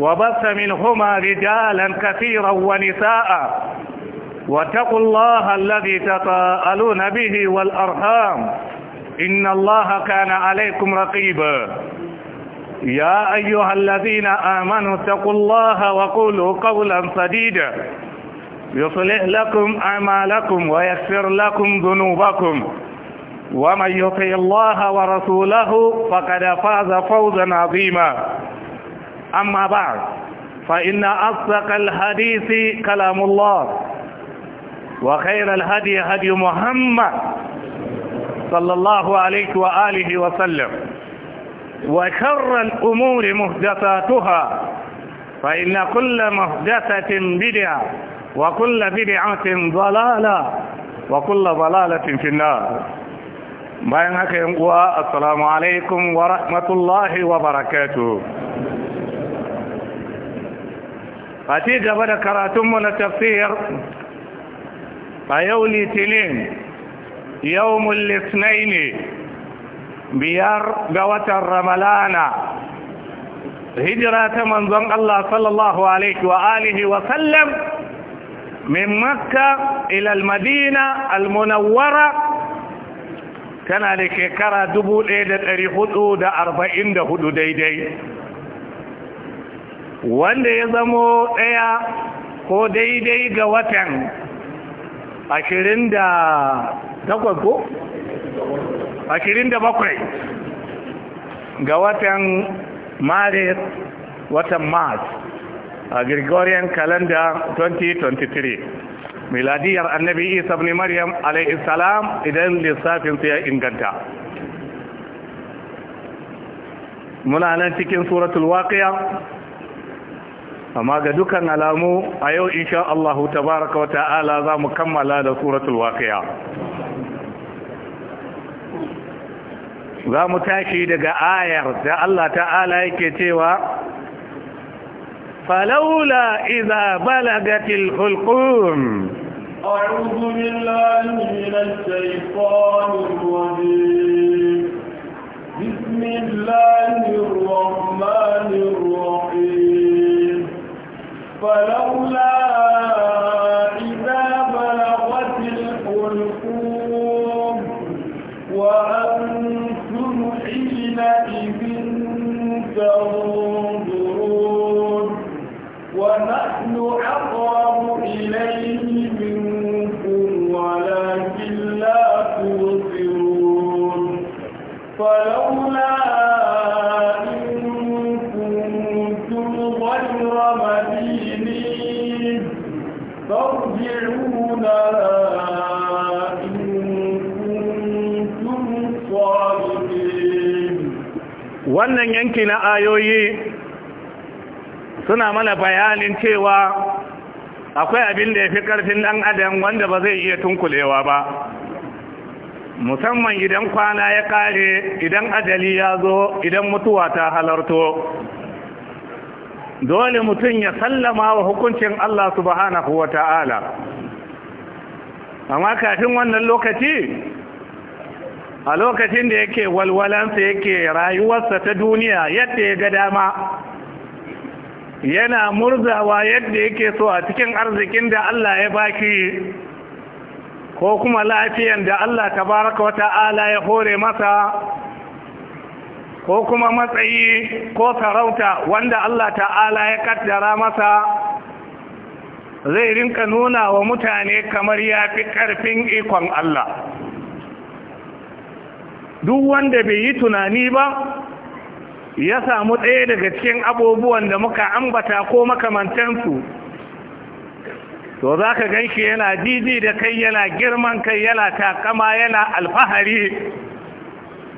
وبث منهما رجالا كثيرا ونساء واتقوا الله الذي تطاءلون به والأرحام إن الله كان عليكم رقيبا يا أيها الذين آمنوا اتقوا الله وقولوا قولا سديدا يصلح لكم أعمالكم ويغفر لكم ذنوبكم ومن يطع الله ورسوله فقد فاز فوزا عظيما أما بعد فإن أصدق الحديث كلام الله وخير الهدي هدي محمد صلى الله عليه وآله وسلم وشر الأمور مهدثاتها فإن كل مهدثة بدعة وكل بدعة ضلالة وكل ضلالة في النار بينك السلام عليكم ورحمة الله وبركاته a ci gaba da karatunmu na tafsir a yau litinin yau mul'isnai ne biyar ga watan ramalana hijira ta manzon Allah sallallahu alaihi wa alihi wa sallam min makka ilal madina almunawwara tana da shekara 1444 daidai wanda ya zamo ɗaya ko daidai ga watan ashirin da takwai ko? ashirin da bakwai ga watan maris watan mars a gregorian calendar 2023 miladiyar annabi isa ne maryam alaihi salam idan lissafin ya inganta muna nan cikin suratul waqiya amma ga dukan alamu a yau insha Allah tabaraka wata'ala za mu kammala da suratul waqi'a za mu tashi daga ayar da Allah ta'ala yake cewa فلولا إذا بلغت الحلقوم أعوذ بالله من الشيطان الرجيم بسم الله الرحمن الرحيم فلولا إذا بلغت وأنتم تنظرون ونحن أقرب إليه wannan yanki na ayoyi suna mana bayanin cewa akwai abin da ya fi ƙarfin ɗan adam wanda ba zai iya tunkulewa ba musamman idan kwana ya ƙare idan ajali ya zo idan mutuwa ta halarto dole mutum ya sallama wa hukuncin Allah subhanahu wa ta'ala amma kafin wannan lokaci a lokacin da yake walwalansa yake rayuwarsa ta duniya yadda ya ga dama yana murzawa yadda yake so a cikin arzikin da Allah ya baki ko kuma lafiyan da Allah tabaraka wa ta'ala ya hore masa ko kuma matsayi ko sarauta wanda Allah ta'ala ya kaddara masa zai rinka nuna wa mutane kamar ya fi ƙarfin ikon Allah duk wanda bai yi tunani ba ya samu ɗaya daga cikin abubuwan da muka ambata ko makamantansu to za ka gan shi yana didi da kai yana girman kai yana takama yana alfahari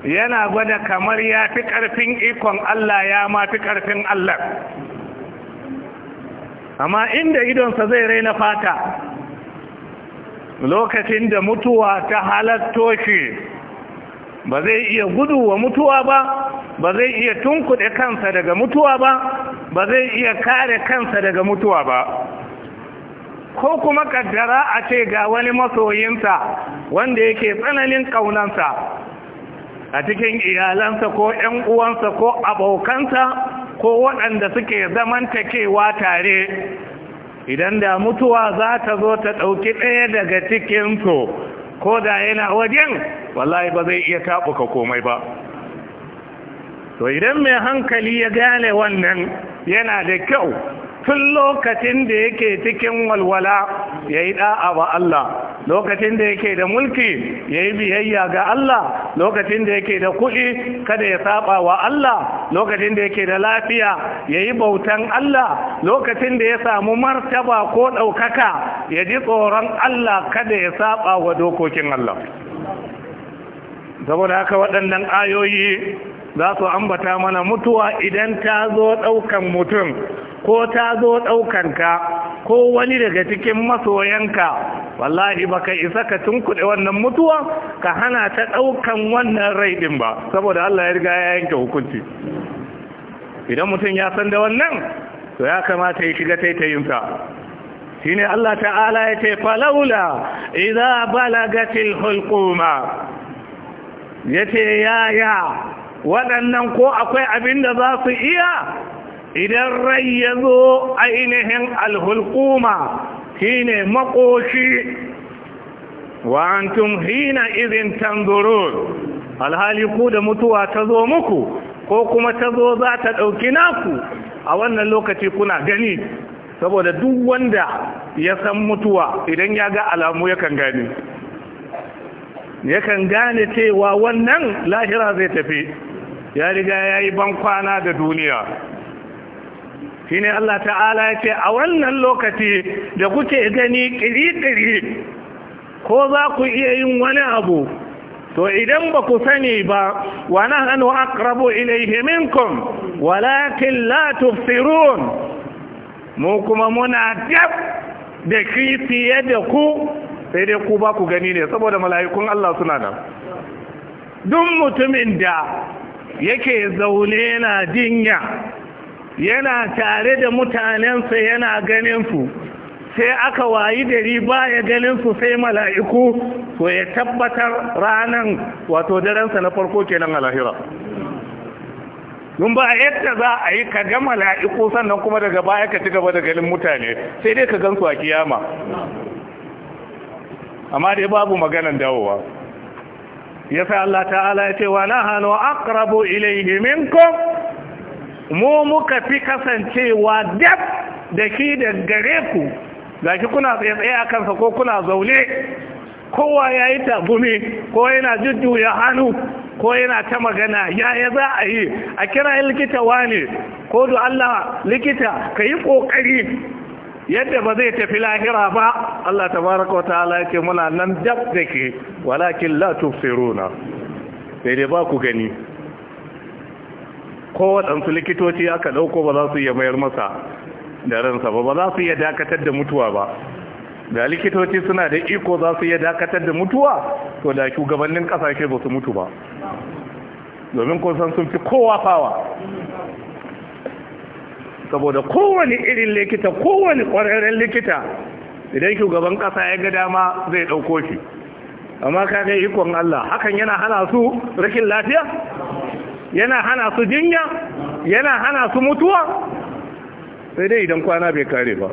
yana gwada kamar ya fi ƙarfin ikon Allah ya ma fi ƙarfin Allah amma inda idonsa zai raina fata lokacin da mutuwa ta halatto shi ba zai iya gudu wa mutuwa ba ba zai iya tunkuɗe kansa daga mutuwa ba ba zai iya kare kansa daga mutuwa ba ko kuma kaddara a ce ga wani masoyinsa wanda yake tsananin ƙaunansa, a cikin iyalansa ko 'yan uwansa ko abokansa ko waɗanda suke zamantakewa tare idan da mutuwa za ta zo ta ɗauki ɗaya daga cikinsu ko da yana wajen wallahi ba zai iya taɓuka komai ba to idan mai hankali ya gane wannan yana da kyau tun lokacin da yake cikin walwala ya yi ɗa'a Allah lokacin da yake da mulki ya yi biyayya ga Allah lokacin da yake da kuɗi kada ya saba wa Allah lokacin da yake da lafiya ya yi bautan Allah lokacin da ya samu martaba ko ɗaukaka ya ji tsoron Allah kada ya saba wa dokokin Allah saboda haka waɗannan ayoyi za su ambata mana mutuwa idan ta zo ɗaukan mutum ko ta zo ɗaukanka ko wani daga cikin masoyanka wallahi ba ka isa ka tunkuɗe wannan mutuwa ka hana ta ɗaukan wannan rai ɗin ba saboda Allah ya riga ya yanke hukunci idan mutum ya san da wannan to ya kamata ya shiga taitayinsa shi ne Allah ta'ala ya ce falaula idza balagatil hulquma yace yaya waɗannan ko akwai abin da za su iya idan rai ya zo ainihin alhulkuma ne makoshi wa antum hina izin tanzurun alhali ku da mutuwa ta zo muku ko kuma ta zo za ta ɗauki naku a wannan lokaci kuna gani saboda duk wanda ya san mutuwa idan ya ga alamu yakan yakan gane cewa wannan lahira zai tafi ya riga ya yi bankwana da duniya shi ne Allah ta'ala ya ce a wannan lokaci da kuke gani ƙiri-ƙiri ko za ku iya yin wani abu to idan ba ku sani ba wa nahnu aqrabu ilayhi minkum walakin la tufsirun? mu kuma muna dab da kifiye da ku sai dai ku ba ku gani ne saboda mala'ikun Allah suna nan duk mutumin da yake zaune na jinya yana tare da mutanensa yana ganin su sai aka wayi dari ba ya ganinsu sai mala'iku to ya tabbatar ranan wato darensa na farko kenan alahira lahira yadda za a yi ka ga mala'iku sannan kuma daga baya ka ci gaba da ganin mutane sai dai ka gan su a kiyama amma dai babu maganan dawowa Ya fi Allah ta'ala ya ce wa nahanu aqrabu ilayhi minkum mu muka fi kasancewa daf da ki da gare ku ki kuna tsaye a kansa ko kuna zaune kowa ya yi tagumi ko yana jujjuya hannu ko yana ta magana yaya za a yi a kira likita ne ko da Allah likita ka yi ƙoƙari yadda ba zai tafi lahira ba Allah tabaraka wa ta'ala yake muna nan dab da ke walakin la tufiruna sai dai ba ku gani ko waɗansu likitoci aka ɗauko ba za su iya mayar masa da ransa ba ba za su iya dakatar da mutuwa ba da likitoci suna da iko za su iya dakatar da mutuwa to da shugabannin kasashe ba su mutu ba domin kun san sun fi kowa fawa saboda kowane irin likita kowane kwararren likita idan shugaban ƙasa ya ga dama zai ɗauko shi amma kaga ikon Allah hakan yana hana su rikin lafiya yana hana su jinya yana hana su mutuwa sai dai idan kwana bai kare ba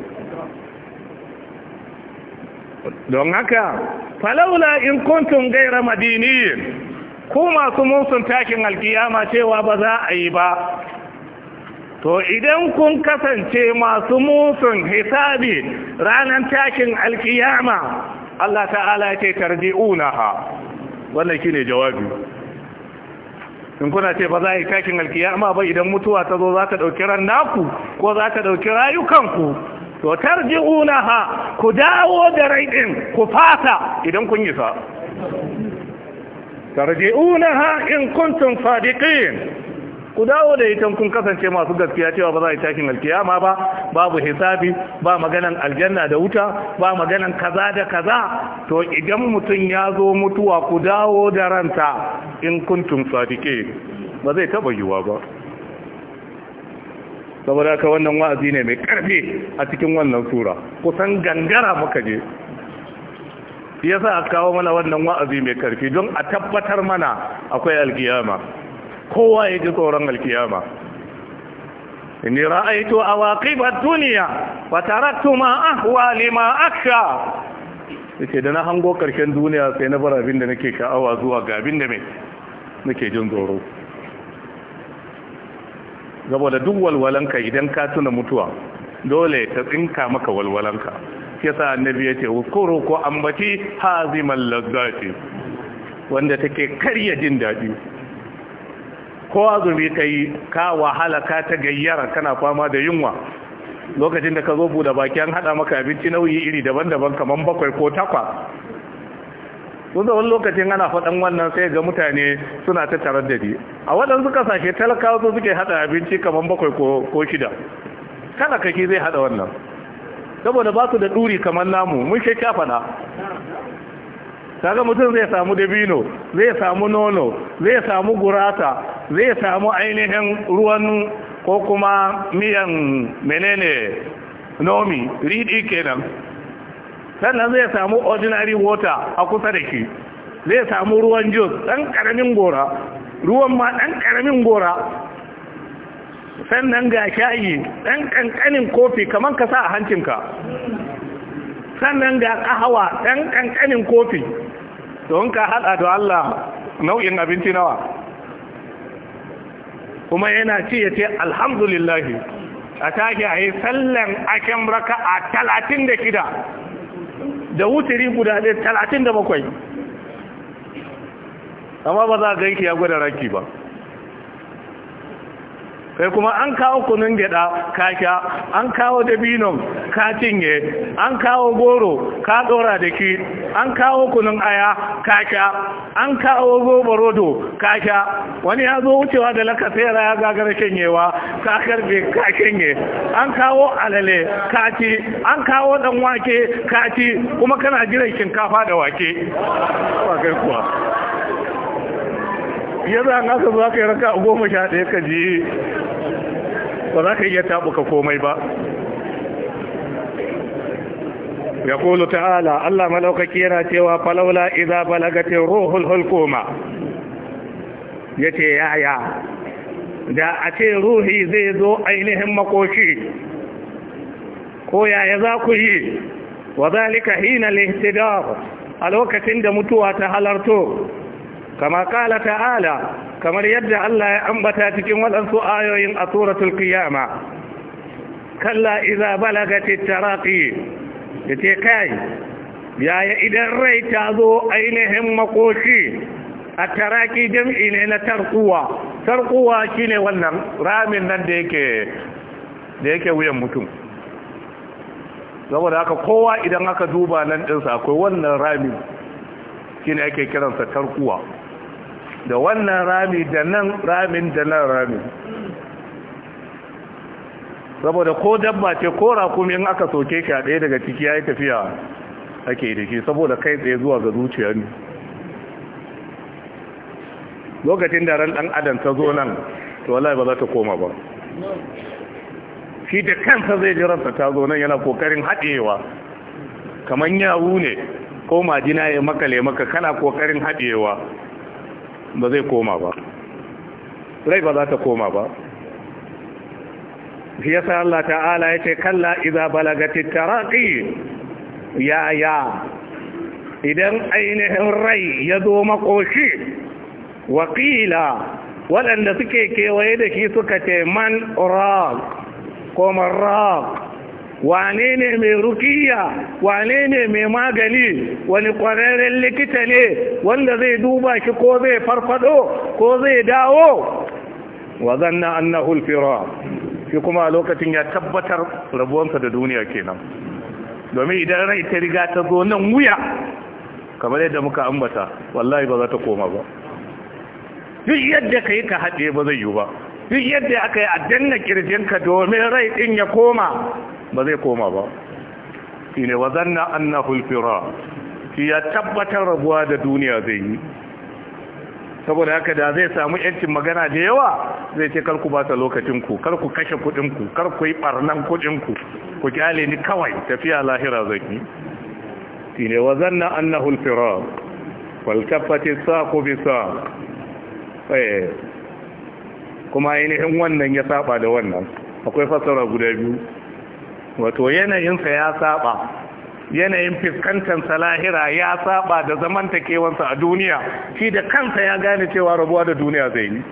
don haka falaula in kuntum gaira madini, ko masu musun takin alkiyama cewa ba za a yi ba to idan kun kasance masu musun hisabi ranar takin alkiyama Allah ta'ala ce tarji'unaha wannan shine jawabi in kuna ce ba za a yi takin alkiyama ba idan mutuwa ta zo za ta ɗauki ran naku ko za ta ɗauki rayukanku to tarji'unaha ku dawo da ra'idin ku fata idan kun yi sa tarji'unaha in kuntum sadiqin ku dawo da ita kun kasance masu gaskiya cewa ba za a yi takin alkiyama ba babu hisabi ba maganan aljanna da wuta ba maganan kaza da kaza to idan mutum ya zo mutuwa ku dawo da ranta in kuntum sadike ba zai taba yiwa ba saboda ka wannan wa'azi ne mai karfi a cikin wannan sura kusan gangara muka je yasa aka kawo mana wannan wa'azi mai karfi don a tabbatar mana akwai alkiyama kowa ya ji tsoron alkiyama inni ra'aytu awaqib ad-dunya wa taraktu ma ahwa lima akhsha yace da na hango karshen duniya sai na bar abin da nake ka'awa zuwa ga abin da me nake jin tsoro saboda duk walwalanka idan ka tuna mutuwa dole ta tsinka maka walwalanka yasa annabi yace ukuru ko ambati hazimal ladzati wanda take karya jin dadi ko azumi ka yi ka wahala ka ta gayyara kana fama da yunwa lokacin da ka zo buɗe baki an haɗa maka abinci nauyi iri daban-daban kaman bakwai ko takwa wanda wani lokacin ana faɗan wannan sai ga mutane suna ta tarar da ni a waɗansu kasashe talakawa su suke haɗa abinci kaman bakwai ko shida talakaki zai haɗa wannan saboda ba su da ɗuri kamar namu mun shi faɗa kaga mutum zai samu dabino zai samu nono zai samu gurata zai samu ainihin ruwan ko kuma miyan menene nomi riɗi kenan sannan zai samu ordinary water a kusa da shi zai samu ruwan jus ɗan ƙaramin gora ruwan ma ɗan ƙaramin gora sannan ga shayi ɗan ƙanƙanin kofi kamar ka sa a hancinka sannan ga ƙahawa ɗan ƙanƙanin kofi don ka hada da Allah nau'in abinci nawa kuma yana ci ya ce alhamdulillah a take a yi sallan aken raka a talatin da shida da wutiri guda ɗaya talatin da bakwai amma ba za a ganki ya gwada raki ba kai kuma an kawo kunun gyada ka an kawo dabinon ka cinye an kawo goro ka dora da ki an kawo kunun aya ka an kawo goborodo rodo ka wani ya zo wucewa da lakasera ya gagara shanyewa ka karbe ka shanye an kawo alale ka ci an kawo dan wake ka ci kuma kana jiran shinkafa da wake kai kuwa ya za a nasa za raka goma sha ɗaya ka ji ba za ka iya tabuka komai ba ya kulu ta'ala Allah malaukaki yana cewa falaula iza balagatin ruhul hulquma yace yaya da a ce ruhi zai zo ainihin makoshi ko yaya za ku yi wa zalika hina lihtidar a lokacin da mutuwa ta halarto kama kala ta'ala kamar yadda Allah ya ambata cikin waɗansu ayoyin a suratul qiyama kalla idza balagati taraqi yace kai yaya idan rai ta zo ainihin makoshi a taraki jam'i ne na tarkuwa tarkuwa shine wannan ramin nan da yake wuyan mutum saboda haka kowa idan aka duba nan ɗinsa akwai wannan ramin shine ake kiransa tarkuwa da wannan rami da nan ramin da nan ramin saboda ko dabba ce ko rakumi in aka soke shi a ɗaya daga ciki ya yi tafiya ake da shi saboda kai tsaye zuwa ga zuciya ne lokacin da ran ɗan adam ta zo nan to wallahi ba za ta koma ba shi da kansa zai ji ransa ta zo nan yana kokarin haɗewa kamar yawu ne ko majina ya makale maka kana kokarin haɗewa ba zai koma ba rai ba za ta koma ba shi yasa Allah ta'ala ya ce kalla iza balagati taraki ya ya idan ainihin rai ya zo makoshi wakila waɗanda suke kewaye da shi suka ce man raq ko man raq wane ne mai rukiya wane ne mai magani wani kwararren likita ne wanda zai duba shi ko zai farfado ko zai dawo wa zanna annahu alfira shi kuma a lokacin ya tabbatar rabuwansa da duniya kenan domin idan rai ta riga ta zo nan wuya kamar yadda muka ambata wallahi ba za ta koma ba duk yadda ka yi ka haɗe ba zai yi ba duk yadda aka yi a danna kirjinka domin rai ɗin ya koma ba zai koma ba shi ne wazanna na hulfira shi ya tabbatar rabuwa da duniya zai yi saboda haka da zai samu yancin magana da yawa zai ce karku ba ta lokacinku karku kashe kudinku karku yi barnan kudinku ku kyale ni kawai tafiya lahira yi shi ne wazanna annahu alfira sa saqu bi sa. Eh. kuma ainihin wannan ya saba da wannan akwai fasara guda biyu wato yanayinsa ya saba yanayin fiskantarsa lahira ya saba da zamantakewansa a duniya shi da kansa ya gane cewa rabuwa da duniya zai yi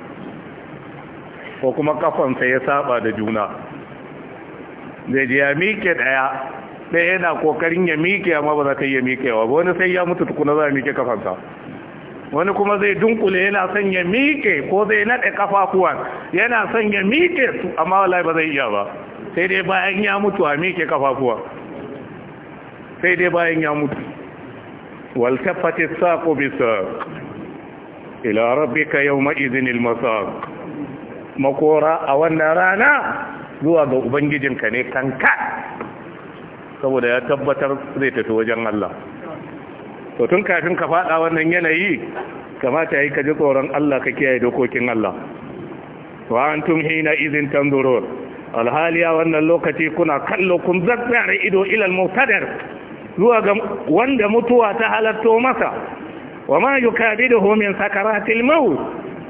ko kuma kafansa ya saba da juna zai ji ya miƙe ɗaya yana kokarin ya miƙe amma ba za ta iya miƙewa ba wani sai ya mutu tukuna za a miƙe kafansa wani kuma zai dunkule yana son ya miƙe ko zai naɗe kafafuwan yana son ya miƙe amma wallahi ba zai iya ba sai dai bayan ya mutu a mike kafafuwa sai dai bayan ya mutu waltafati saƙo bisa ila rabbika yawma idhinil makora a wannan rana zuwa ga ubangijinka ne kanka saboda ya tabbatar zai tafi wajen Allah to tun kafin ka faɗa wannan yanayi kamata yi ka ji tsoron Allah ka kiyaye dokokin Allah wa antum hina idhin tanzurun alhaliya wannan lokaci kuna kallo kun zazzare ido ilal mutadar zuwa ga wanda mutuwa ta halatto masa wa ma yukabiduhu min sakaratil maut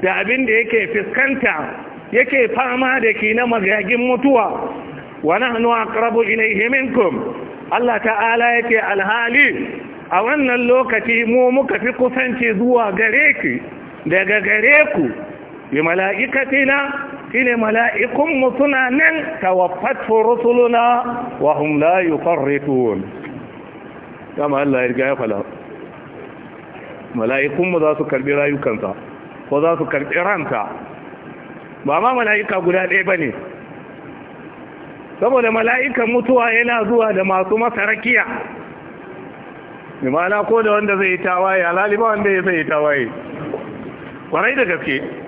da abin da yake fiskanta yake fama da ki na magagin mutuwa wa nahnu aqrabu ilayhi minkum Allah ta'ala yake alhali a wannan lokaci mu muka fi kusanci zuwa gare ki daga gare ku bi mala'ikatina shine mala'ikun mu suna nan tawaffatu rusuluna wa hum la yufarritun kama Allah ya riga ya fala mala'ikun mu za su karbi rayukansa ko za su karbi ranta ba ma mala'ika guda ɗaya bane saboda mala'ikan mutuwa yana zuwa da masu masarakiya limana ko da wanda zai yi tawaye alaliba wanda ya zai yi tawaye kwarai da gaske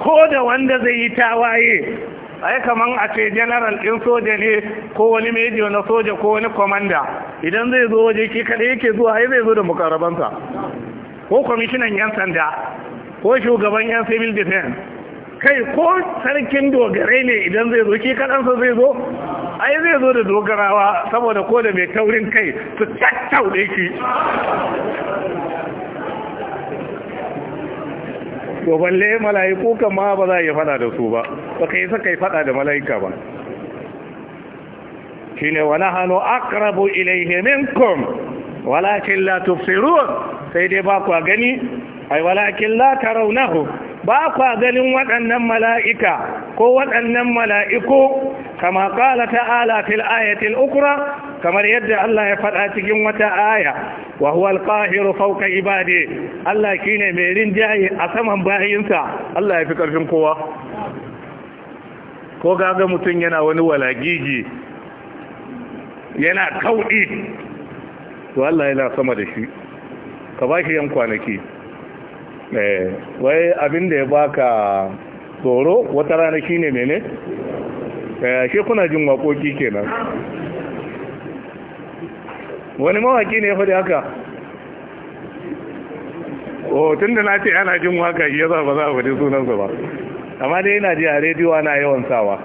ko da wanda zai yi tawaye ai kaman a ce general ɗin soja ne ko wani mejo na soja ko wani komanda idan zai zo waje ki kada yake zuwa ai zai zo da mukarabansa ko kwamishinan yan sanda ko shugaban yan civil defense kai ko sarkin dogare ne idan zai zo ki kadansa zai zo ai zai zo da dogarawa saboda ko da mai taurin kai su tattaude ki to balle mala'iku kan ma ba za a yi fada da su ba ba kai saka yi fada da mala'ika ba shine wa nahnu aqrabu ilayhi minkum walakin la sai dai ba ku gani ai walakin la tarawnahu ba ku ganin waɗannan mala'ika ko waɗannan mala'iku kama ƙala ta'ala fil ayati al kamar yadda Allah ya faɗa cikin wata aya wa huwa al-qahiru fawqa ibadi Allah kine mai rinjaye a saman bayinsa Allah ya fi karfin kowa ko gaga mutum yana wani walagigi yana kaudi to Allah yana sama da shi ka ba shi yan kwanaki eh, wai abin da ya baka tsoro wata rana shine mene eh, shi kuna jin waƙoƙi kenan wani mawaki ne ya faɗi haka o oh, tun da na ce ana jin waka shi za ba za a faɗi sunansa ba amma dai yana ji a rediyo ana yawan sawa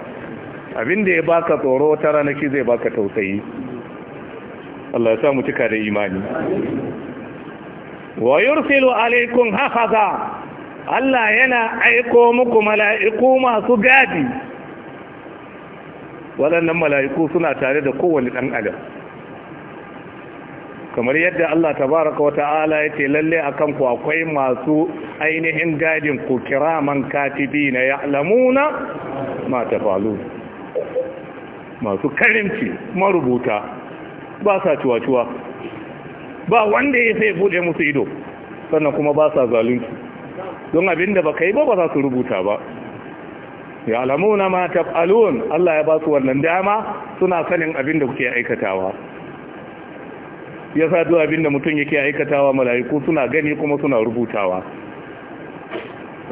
abin da ya baka tsoro wata ranaki zai baka tausayi Allah ya sa mu cika da imani wa yursilu alaikum hafaza Allah yana aiko muku mala'iku masu gadi waɗannan mala'iku suna tare da kowane ɗan adam kamar yadda Allah tabaraka wa ta'ala yace lalle akan ku akwai masu ainihin gadin ku kiraman katibina ya'lamuna ma tafalu masu karimci marubuta ba sa ciwa-ciwa ba wanda ya sai bude musu ido sannan kuma ba sa zalunci don abinda baka yi ba ba za su rubuta ba ya alamuna ma taf'alun Allah ya ba su wannan dama suna sanin abin da kuke aikatawa ya sa duk abin da mutum yake aikatawa mala'iku suna gani kuma suna rubutawa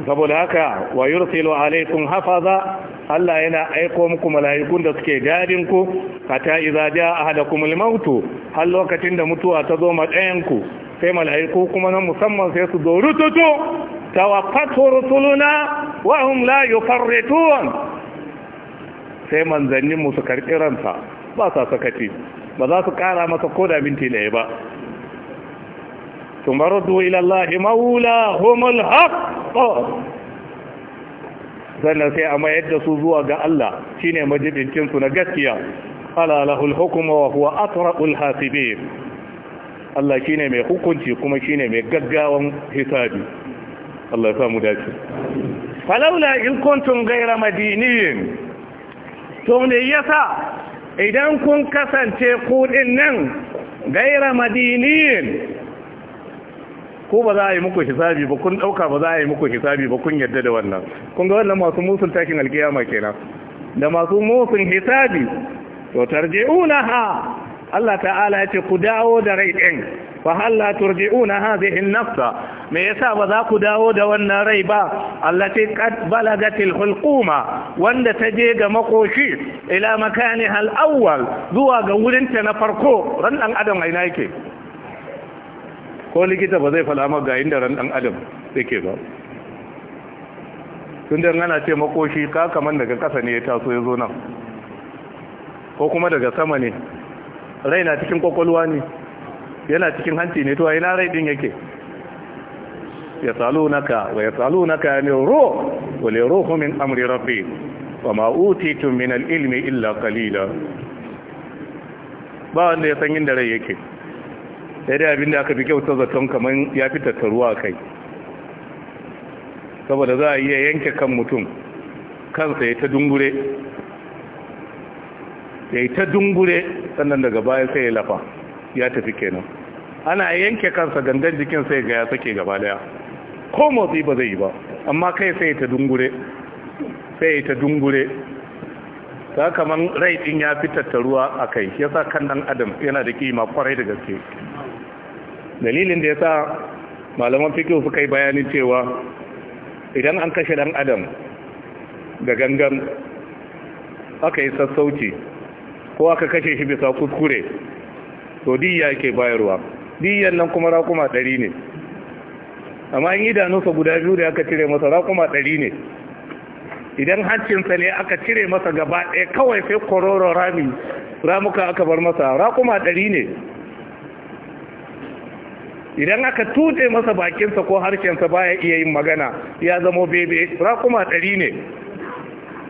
saboda haka wa yursilu alaikum hafaza Allah yana aiko muku mala'ikun da suke gadin ku hatta idza jaa ahadakum al-maut har lokacin da mutuwa ta zo ma ku sai mala'iku kuma nan musamman sai su zo rututu tawaffatu rusuluna wa hum la yufarritun sai manzannin mu su karɓi ransa ba sa sakati. ba za su kara masa ko da minti ɗaya ba sun marudu ilallahi maula humul haqqo sannan sai a mayar da su zuwa ga Allah shine ne majibincinsu na gaskiya ala lahul hukmu wa huwa atraqul hasibin Allah shine mai hukunci kuma shine mai gaggawan hisabi Allah ya samu dace falaula in kuntum gaira madiniyin to ne yasa idan kun kasance kuɗin nan gaira madiniyin ko ba za a yi muku hisabi ba kun ɗauka ba za a yi muku hisabi ba kun yadda da wannan kun ga wannan masu musul takin alkiyama kenan da masu musul hisabi to tarji'una ha Allah ta'ala ya ce ku dawo da rai ɗin fa halla turji'una hadhihi an-nafsa me yasa ba za ku dawo da wannan rai ba allati qad balagatil hulquma wanda ta je ga makoshi ila makani al zuwa ga wurin ta na farko ran dan adam aina yake ko likita ba zai fada maka ga inda ran dan adam yake ba tunda ana ce makoshi ka kaman daga kasa ne ya taso ya zo nan ko kuma daga sama ne rai na cikin kwakwalwa ne yana cikin hanci ne to a ina rai din yake ya salu naka wa ya salu naka ne ro wale roho min amri rafi wa ma'utitun min al'ilmi illa kalila ba wanda ya san yin da rai yake ya dai abinda aka fi kyauta zaton kamar ya fi tattaruwa kai saboda za a iya yanke kan mutum kansa ya ta dungure ya yi ta dungure sannan daga baya sai ya lafa ya tafi kenan ana yanke kansa gangan jikin sai ga ya sake gaba daya ko motsi ba zai yi ba amma kai sai ta dungure sai ta dungure ta kaman rai din ya fi tattaruwa a kai yasa kan dan adam yana da kima kwarai da gaske dalilin da yasa malaman fikihu suka yi bayani cewa idan an kashe dan adam da gangan aka yi sassauci ko aka kashe shi bisa kuskure to diyya yake bayarwa diyyan nan kuma raƙuma dari ne amma in idanunsa guda biyu da aka cire masa raƙuma dari ne idan hancinsa ne aka cire masa gaba ɗaya kawai sai kororo rami ramuka aka bar masa raƙuma dari ne idan aka tuɗe masa bakinsa ko harshensa baya iya yin magana ya zama bebe raƙuma ɗari ne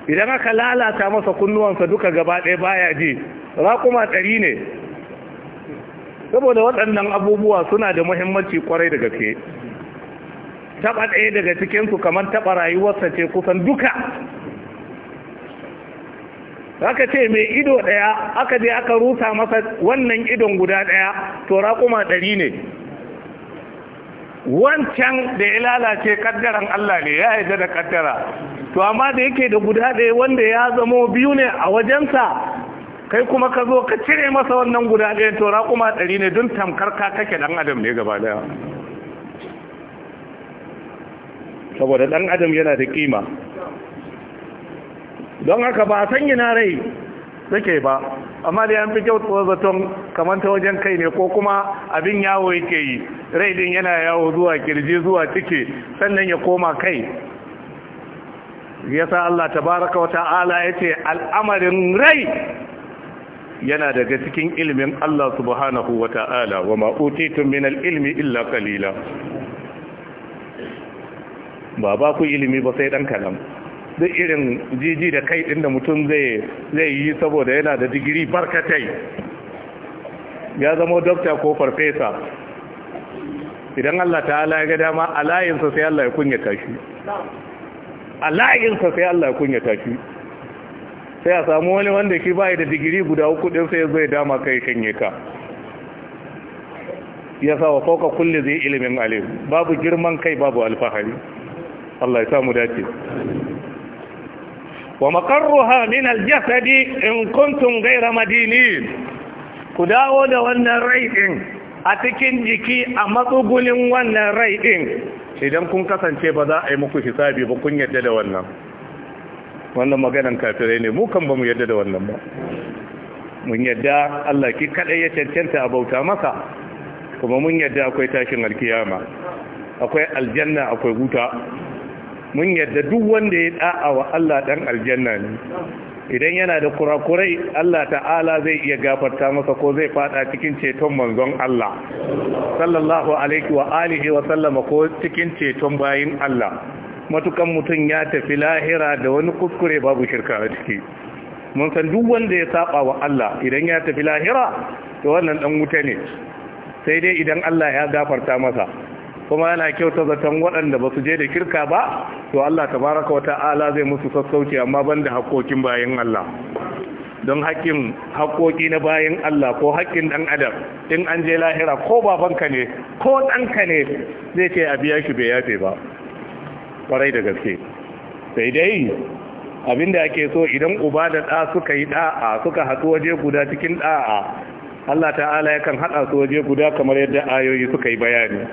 idan aka lalata masa kunnuwansa duka gaba ɗaya baya ji raƙuma ɗari ne saboda waɗannan abubuwa suna da muhimmanci kwarai da gaske taɓa ɗaya daga cikinsu kamar taɓa rayuwarsa ce kusan duka aka ce mai ido ɗaya aka je aka rusa masa wannan idon guda ɗaya to raƙuma ɗari ne wancan da ya lalace kaddaran Allah ne ya yarda da kaddara to amma da yake da guda ɗaya wanda ya zamo biyu ne a wajensa kai kuma ka zo ka cire masa wannan guda ɗaya to raƙuma ɗari ne don tamkar ka kake ɗan adam ne gaba ɗaya saboda ɗan adam yana da kima, don haka ba a san yana rai suke ba amma da yan fi kyautuwa zaton kamar ta wajen kai ne ko kuma abin yawo yake yi rai din yana yawo zuwa kirji zuwa ciki sannan ya koma kai yasa Allah tabaraka wa ta'ala ce al'amarin rai yana daga cikin ilimin Allah subhanahu wa ta'ala wa ma min al'ilmi illa kalila ba ba ku ilimi ba sai dan kalam duk irin jiji da kai ɗin da mutum zai yi saboda yana da digiri barkatai ya zama dokta ko farfesa idan Allah ta ya gada dama a layinsa sai Allah ya kunya tashi. a layinsa sai Allah ya kunya tashi. sai a samu wani wanda ki bai da digiri guda uku din sai zai dama kai shanye ka ya sa wa fauka kulle zai ilimin alim babu girman kai babu alfahari Allah ya samu dace wa makarruha min aljasadi in kuntum gaira madinin ku dawo da wannan rai din a cikin jiki a matsugunin wannan rai din idan kun kasance ba za a yi muku hisabi ba kun yadda da wannan wannan maganan kafirai ne mu kan ba mu yadda da wannan ba mun yadda Allah ki kadai ya cancanta a bauta maka kuma mun yadda akwai tashin alkiyama akwai aljanna akwai wuta mun yadda duk wanda ya da'a wa Allah dan aljanna ne idan yana da kurakurai Allah ta'ala zai iya gafarta masa ko zai fada cikin ceton manzon Allah sallallahu alaihi wa alihi wa sallama ko cikin ceton bayin Allah matukan mutum ya tafi lahira da wani kuskure babu shirka a ciki mun san duk wanda ya saba wa Allah idan ya tafi lahira to wannan dan wuta ne sai dai idan Allah ya gafarta masa kuma yana kyauta zaton waɗanda ba su je da kirka ba to Allah tabaraka wa ta'ala zai musu sassauci amma ban da haƙoƙin bayan Allah don haƙƙin haƙoƙi na bayan Allah ko haƙƙin ɗan adam in an je lahira ko babanka ne ko ɗanka ne zai ce a biya shi bai yafe ba ƙwarai da gaske sai dai abinda ake so idan uba da ɗa suka yi ɗa'a suka haɗu waje guda cikin ɗa'a Allah ta'ala yakan haɗa su waje guda kamar yadda ayoyi suka yi bayani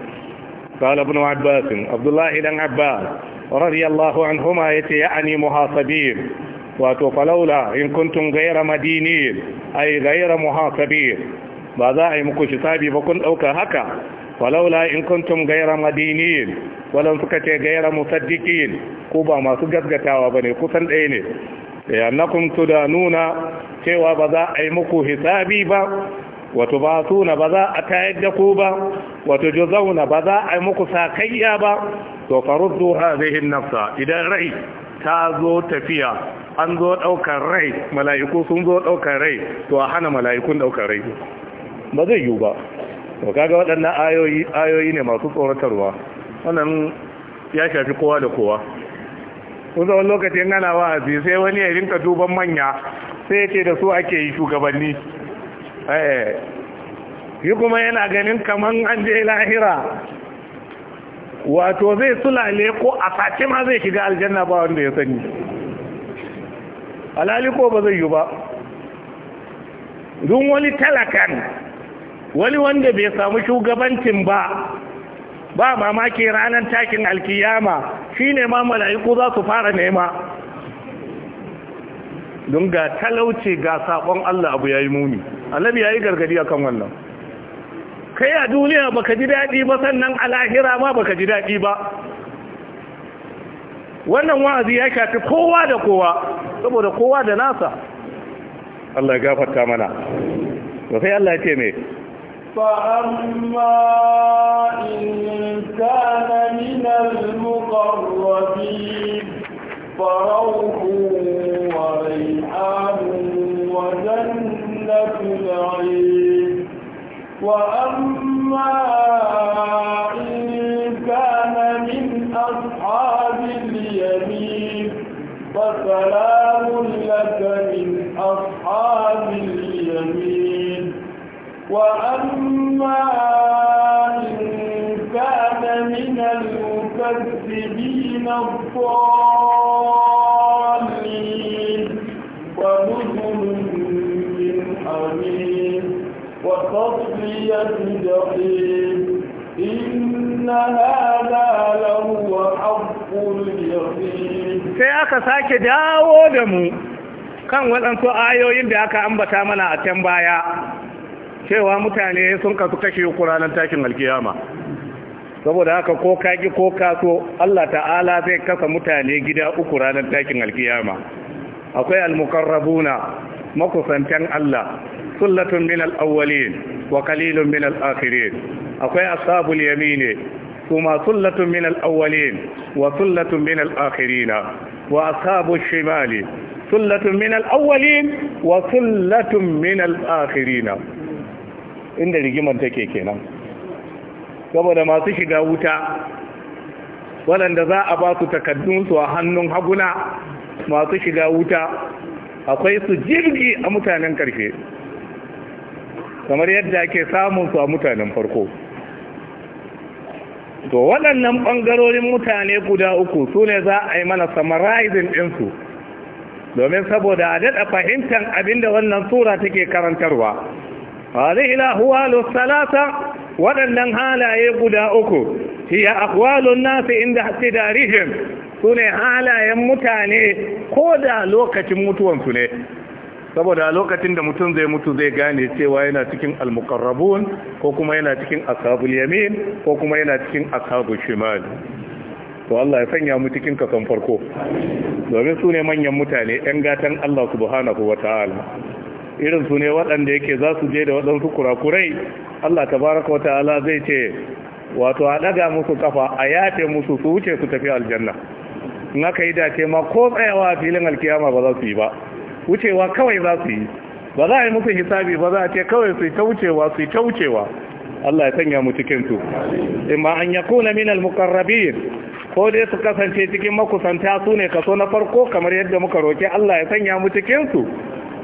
قال ابن عباس عبد الله بن عباس رضي الله عنهما يتيعني محاصبين wato falaula in kuntum gaira madini ay gaira muhasabin ba za a yi muku hisabi ba kun ɗauka haka falaula in kuntum gaira madini walan suka ce gaira musaddiqin ko ba masu gaskatawa ne kusan ɗaya ne da annakum tudanuna cewa ba za a yi muku hisabi ba wato ba na ba za a tayar da ku ba wato Jo-Zauna ba za a yi muku sakayya ba to faruddu hadhihi nafsa idan rai ta zo tafiya an zo daukar rai mala'iku sun zo daukar rai to a hana mala'ikun daukar rai ba zai yiwu ba to kaga waɗannan ayoyi ayoyi ne masu tsoratarwa wannan ya shafi kowa da kowa kusa wani lokacin gana wa'azi sai wani ya rinka duban manya sai ya ce da su ake yi shugabanni yi eh, kuma yana ganin kamar an je lahira wato zai sulale ko a sace ma zai shiga aljanna ba wanda ya sani alhali ko ba zai yi ba don wani talakan wani wanda bai samu shugabancin ba ba mamaki ranar takin alkiyama shi ne ma mala'iku za su fara nema don ga talauci ga sabon Allah abu ya yi muni annabi yayi gargadi a kan wannan kai a duniya ba ka ji daɗi ba sannan a lahira ma ka ji daɗi ba wannan wa'azi ya shafi kowa da kowa saboda kowa da nasa Allah ya gafarta mana Ba sai Allah ya ce me فأما إن كان من المقربين فروح وريحان وجنة في العين وأما إن كان من أصحاب اليمين فسلام لك من أصحاب اليمين وأما إن كان من المكذبين الضالين Sai aka sake dawo da mu kan waɗansu ayoyin da aka ambata mana a can baya cewa mutane sun kasu kashe uku ranar tashin alkiyama saboda haka ko kaƙi ko kaso Allah ta'ala zai kasa mutane gida uku ranar tashin alkiyama akwai almukarrabuna makusantan Allah sullatun min al wa kalilun min al akwai akwai ashabul yamini kuma sullatun min al-awwalin wa sullatun min al-akhirin wa ashabush shimali sullatun min al wa sullatun min al-akhirin inda rigiman take kenan saboda masu shiga wuta waɗanda za a ba su takaddunsu a hannun haguna masu shiga wuta akwai su jirgi a mutanen ƙarshe kamar yadda ake samun su a mutanen farko to waɗannan ɓangarorin mutane guda uku su ne za a yi mana summarizing ɗinsu domin saboda a daɗa fahimtar abinda wannan sura take karantarwa hadihila huwalu salata waɗannan halaye guda uku hiya ahwalun nasu inda hasidarihim su ne halayen mutane ko da lokacin mutuwansu ne saboda lokacin da mutum zai mutu zai gane cewa yana cikin almukarrabun ko kuma yana cikin ashabul yamin ko kuma yana cikin ashabul shimal to Allah ya sanya mu cikin kasan farko domin su ne manyan mutane ɗan gatan Allah subhanahu wa ta'ala irin su ne waɗanda yake za su je da waɗansu kurakurai Allah tabaraka wa ta'ala zai ce wato a ɗaga musu kafa a yafe musu su wuce su tafi aljanna in aka yi dace ma ko tsayawa a filin alkiyama ba za su yi ba wucewa kawai za su yi ba za a yi musu hisabi ba za a ce kawai su yi ta wucewa su yi ta wucewa Allah ya sanya mu cikin su ma an yakuna minal muqarrabin ko dai su kasance cikin makusanta su ne kaso na farko kamar yadda muka roke Allah ya sanya mu cikin su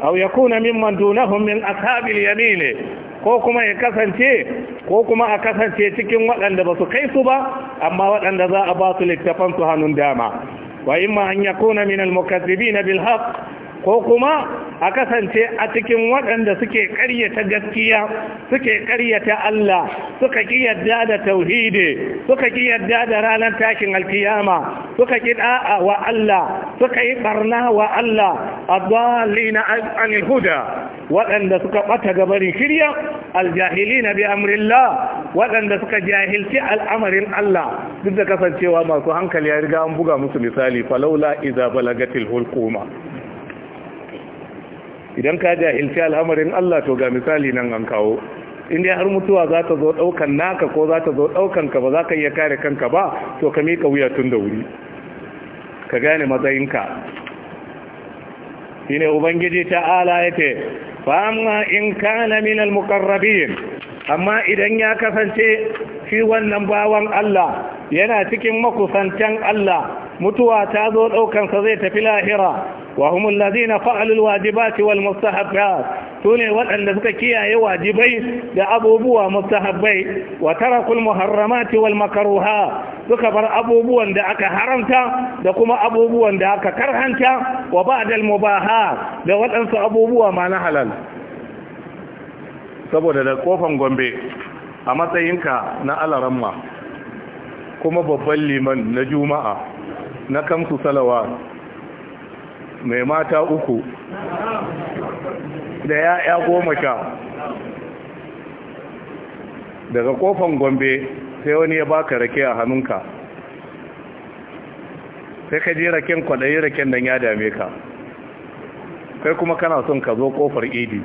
aw yakuna mimman dunahum min ashabil yamin ko kuma ya kasance ko kuma a kasance cikin waɗanda ba su kai su ba amma waɗanda za a ba su littafan su hannun dama wa imma an yakuna minal mukazzibin bil haqq ko kuma a kasance a cikin waɗanda suke ƙaryata gaskiya suke ƙaryata Allah suka ƙi yadda da tauhidi suka ƙi yadda da ranar takin alkiyama suka ƙi da'a wa Allah suka yi ɓarna wa Allah adallina an huda waɗanda suka ɓata gabarin shirya na bi amrillah waɗanda suka jahilci al'amarin Allah duk da kasancewa masu hankali ya riga an buga musu misali falaula iza balagatil hulquma idan ka jahilci al'amarin Allah to ga misali nan an kawo in dai har mutuwa za ta zo ɗaukan naka ko za ta zo ɗaukan ka ba za ka iya kare kanka ba to ka miƙa wuya tun da wuri ka gane matsayinka shine ubangiji ta'ala ya ce, fama in kana min al amma idan ya kasance shi wannan bawan Allah yana cikin makusantan Allah mutuwa ta zo ɗaukansa zai tafi lahira wa humul ladina fa'alul wajibati wal mustahabbat sune waɗanda suka kiyaye wajibai da abubuwa mustahabbai wa tarakul muharramati wal makruha suka bar abubuwan da aka haramta da kuma abubuwan da aka karhanta wa ba'dal mubaha da waɗansu abubuwa ma na halal saboda da kofan gombe a matsayinka na alaramma kuma babban liman na juma'a na kamsu salawa mai mata uku da ya'ya goma sha daga kofan gombe sai wani ya baka rake a hannunka sai ka je raken kwaɗayi raken nan ya dame ka kai kuma kana son ka zo kofar idi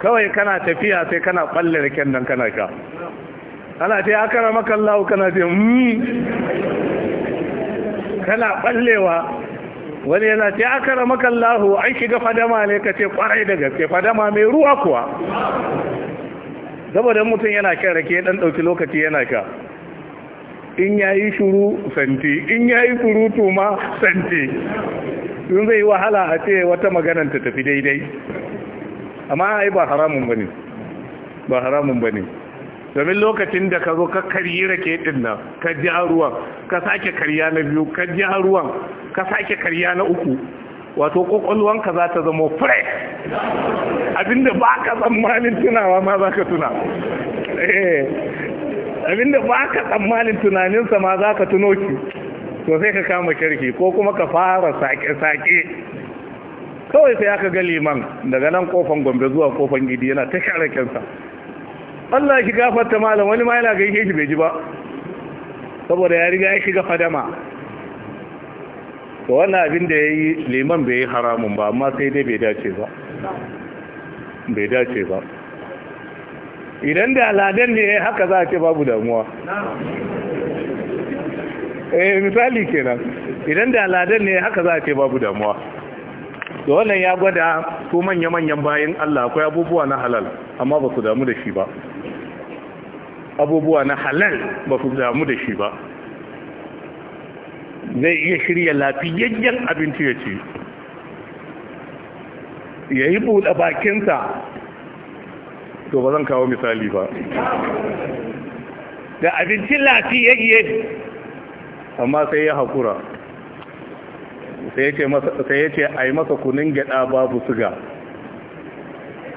kawai kana tafiya sai kana ɓalle raken nan kana sha ana ce ya kara makallahu kana ce mmmm tana ballewa wani yana ce aka ramakan lahu an shiga fadama ne ka ce kwarai da gaske fadama mai ruwa kuwa saboda mutum yana kyan rake dan ɗauki lokaci yana ka in ya yi shuru santi in ya yi surutu ma santi in zai yi wahala a ce wata maganan ta tafi daidai amma ai ba haramun ba ne ba haramun ba ne domin lokacin da ka zo ka karyi rake din nan ka ji ruwan ka sake karya na biyu ka ji ruwan ka sake karya na uku wato kwakwalwanka za ta zama fresh abinda ba ka tsammanin tunawa ma za ka tuna eh, abinda ba ka tsammanin tunaninsa ma za ka tuno ki to sai ka kama kirki ko kuma ka fara sake-sake kawai sai aka ga liman daga nan kofan gombe zuwa kofan gidi yana ta sharakensa Allah ki gafarta malam wani ma yana gaishe shi bai ji ba saboda ya riga ya shiga fadama to wannan abin da ya yi liman bai yi haramun ba amma sai dai bai dace ba bai dace ba idan da aladen ne haka za a ce babu damuwa eh misali kenan idan da aladen ne haka za a ce babu damuwa da wannan ya gwada ko manya-manyan bayan Allah akwai abubuwa na halal amma ba su damu da shi ba abubuwa na halal ba su damu da shi ba zai iya shirya lafiyayyen abinci ya ce ya yi buɗe bakinsa to ba zan kawo misali ba da abincin lafiyayye amma sai ya haƙura sai ya ce a yi masa kunin gyaɗa babu suga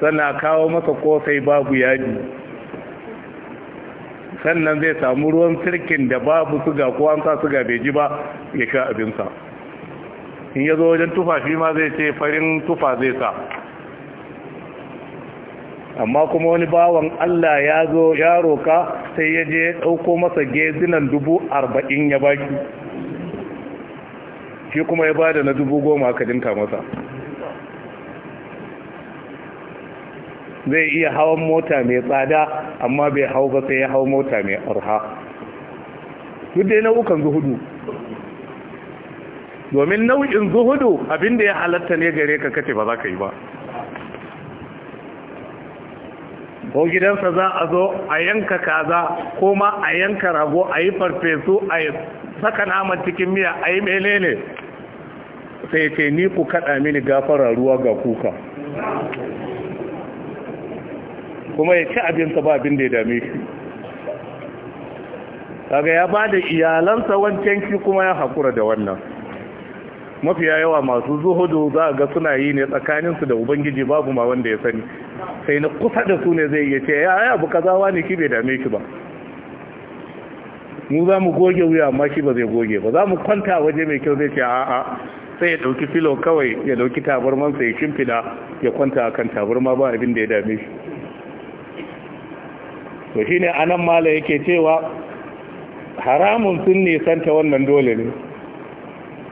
sana kawo masa kosai babu yaji sannan zai samu ruwan sirkin da babu suga ko an sa suga bai ji ba ya sha abinsa in ya zo wajen tufa shi ma zai ce farin tufa zai sa amma kuma wani bawan Allah ya zo ya roka sai ya je ya ɗauko masa gezinan dubu arba'in ya baki shi kuma ya bada na dubu goma aka dinka masa zai iya hawan mota mai tsada amma bai hau ba sai ya hau mota mai arha duk dai nau'ukan zuhudu domin nau'in zuhudu abinda ya halatta ne gare ka kace ba za ka yi ba ko gidansa za a zo a yanka kaza ko ma a yanka rago a yi farfesu a saka naman cikin miya a yi menene sai ce ni ku kada mini gafara ruwa ga kuka kuma ya ci abinsa ba abin da ya dame shi kaga ya ba da iyalansa wancan shi kuma ya haƙura da wannan mafiya yawa masu zuhudu za a ga suna yi ne tsakaninsu da ubangiji babu ma wanda ya sani sai na kusa da su ne zai iya ce ya ya buka zawa ne shi bai dame shi ba mu za mu goge wuya amma shi ba zai goge ba za mu kwanta waje mai kyau zai ce a'a sai ya ɗauki filo kawai ya ɗauki tabarmansa ya shimfida ya kwanta akan tabarma ba abin da ya dame shi to shine anan mala yake cewa haramun sun nisanta wannan dole ne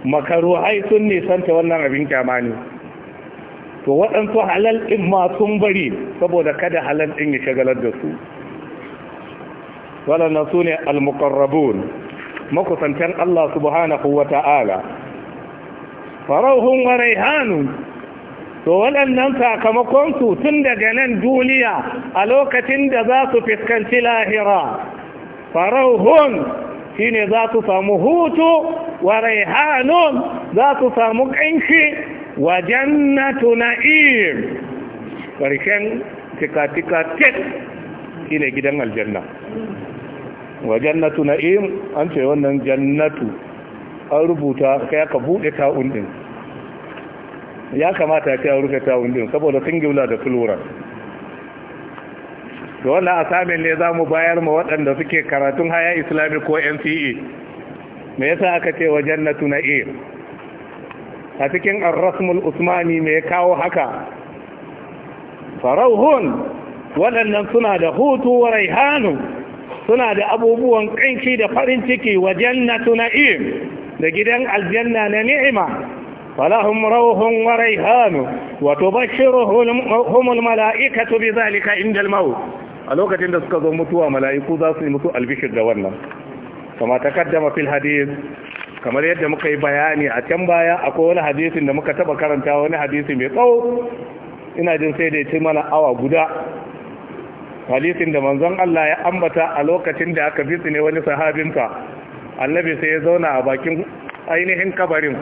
makaruhai sun nisanta wannan abin kyama ne to waɗansu halal ɗin ma sun bari saboda kada halal ɗin ya shagalar da su waɗannan su ne makusantan Allah subhanahu wa ta'ala farauhun wa raihanun to waɗannan sakamakonsu tun daga nan duniya a lokacin da za su fuskanci lahira farauhun shi ne za su samu hutu wa raihanun za su samu ƙanshi wa jannatu na'im ƙarshen tika tek shi ne gidan aljanna wa jannatu na'im an ce wannan jannatu an rubuta kai ka buɗe ta'un ɗin ya kamata ya rufe tawun din saboda sun singular da fulwura da wannan asamin ne za mu bayar ma waɗanda suke karatun haya islami ko nce me yasa aka ce wa tuna e a cikin arrasmul usmani me kawo haka farauhun waɗannan suna da hutu wa raihanu suna da abubuwan ƙanshi da farin ciki wa tuna e da gidan aljanna na ni'ima فلهم روح وريحان وتبشرهم الملائكة بذلك عند الموت الوقت عند سكزو متوى yi ذاسي متوى البشر دوانا كما تقدم في الحديث kamar yadda muka yi bayani a can baya akwai wani hadisin da muka taba karanta wani hadisi mai tsawo ina jin sai da ya ci mana awa guda hadisin da manzon Allah ya ambata a lokacin da aka fitsi ne wani sahabinka annabi sai ya zauna a bakin ainihin kabarin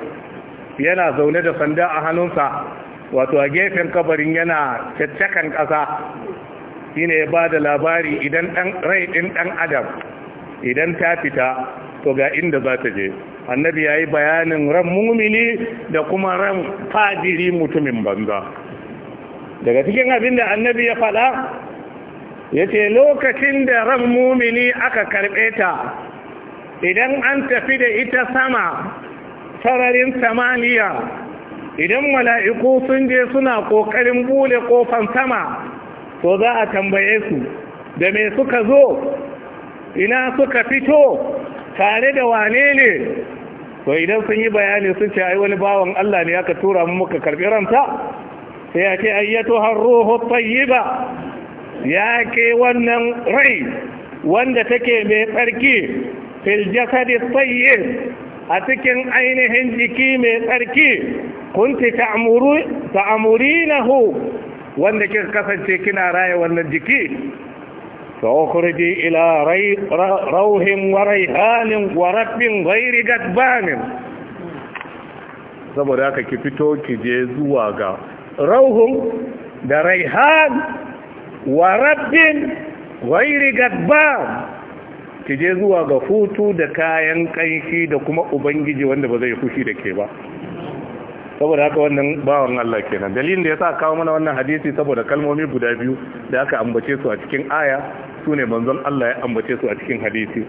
yana zaune da sanda a hannunsa wato a gefen kabarin yana caccakan ƙasa shi ya ba da labari idan ɗan rai ɗin ɗan adam idan ta fita to ga inda za ta je annabi ya yi bayanin ran mummini da kuma ran fadiri mutumin banza daga cikin abin da annabi ya faɗa ya ce lokacin da ran mummini aka karɓe ta idan an tafi da ita sama sararin samaniya idan mala'iku sun je suna ƙoƙarin bule ƙofan sama to za a tambaye su da me suka zo ina suka fito tare da wane ne to idan sun yi bayani sun ce ai wani bawan Allah ne aka tura mu muka karbi ranta sai ya ce ayyatu ruhu tayyiba ya ke wannan rai wanda take mai tsarki fil jasadi tayyib a cikin ainihin jiki mai tsarki kunti hu. wanda kika kasance kina raye wannan jiki fa ukhruji ila rauhin warai raihanin warafin rabbin saboda haka ki fito ki je zuwa ga rauhun da raihan wa rabbin ghairi ki je zuwa ga hutu da kayan kanki da kuma ubangiji wanda ba zai kushi da ke ba saboda haka wannan bawan Allah kenan dalilin da yasa kawo mana wannan hadisi saboda kalmomi guda biyu da aka ambace su a cikin aya sune manzon Allah ya ambace su a cikin hadisi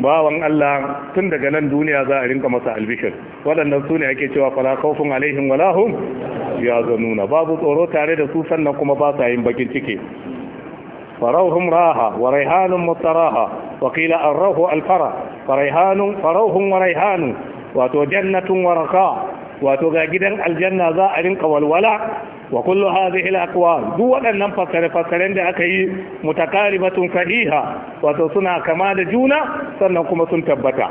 bawan Allah tun daga nan duniya za a rinka masa albishir waɗannan su ne ake cewa fala khawfun alaihim wala ya zanuna babu tsoro tare da su sannan kuma ba sa yin bakin ciki فروح راها وريحان مطراها وقيل الروح الفرا فريحان فروح وريحان wato jannatun waraka wato ga gidan aljanna za a rinka walwala wa kullu hadhihi al-aqwal duk waɗannan fassare fassaren da aka yi mu mutakaribatun sahiha wato suna kama da juna sannan kuma sun tabbata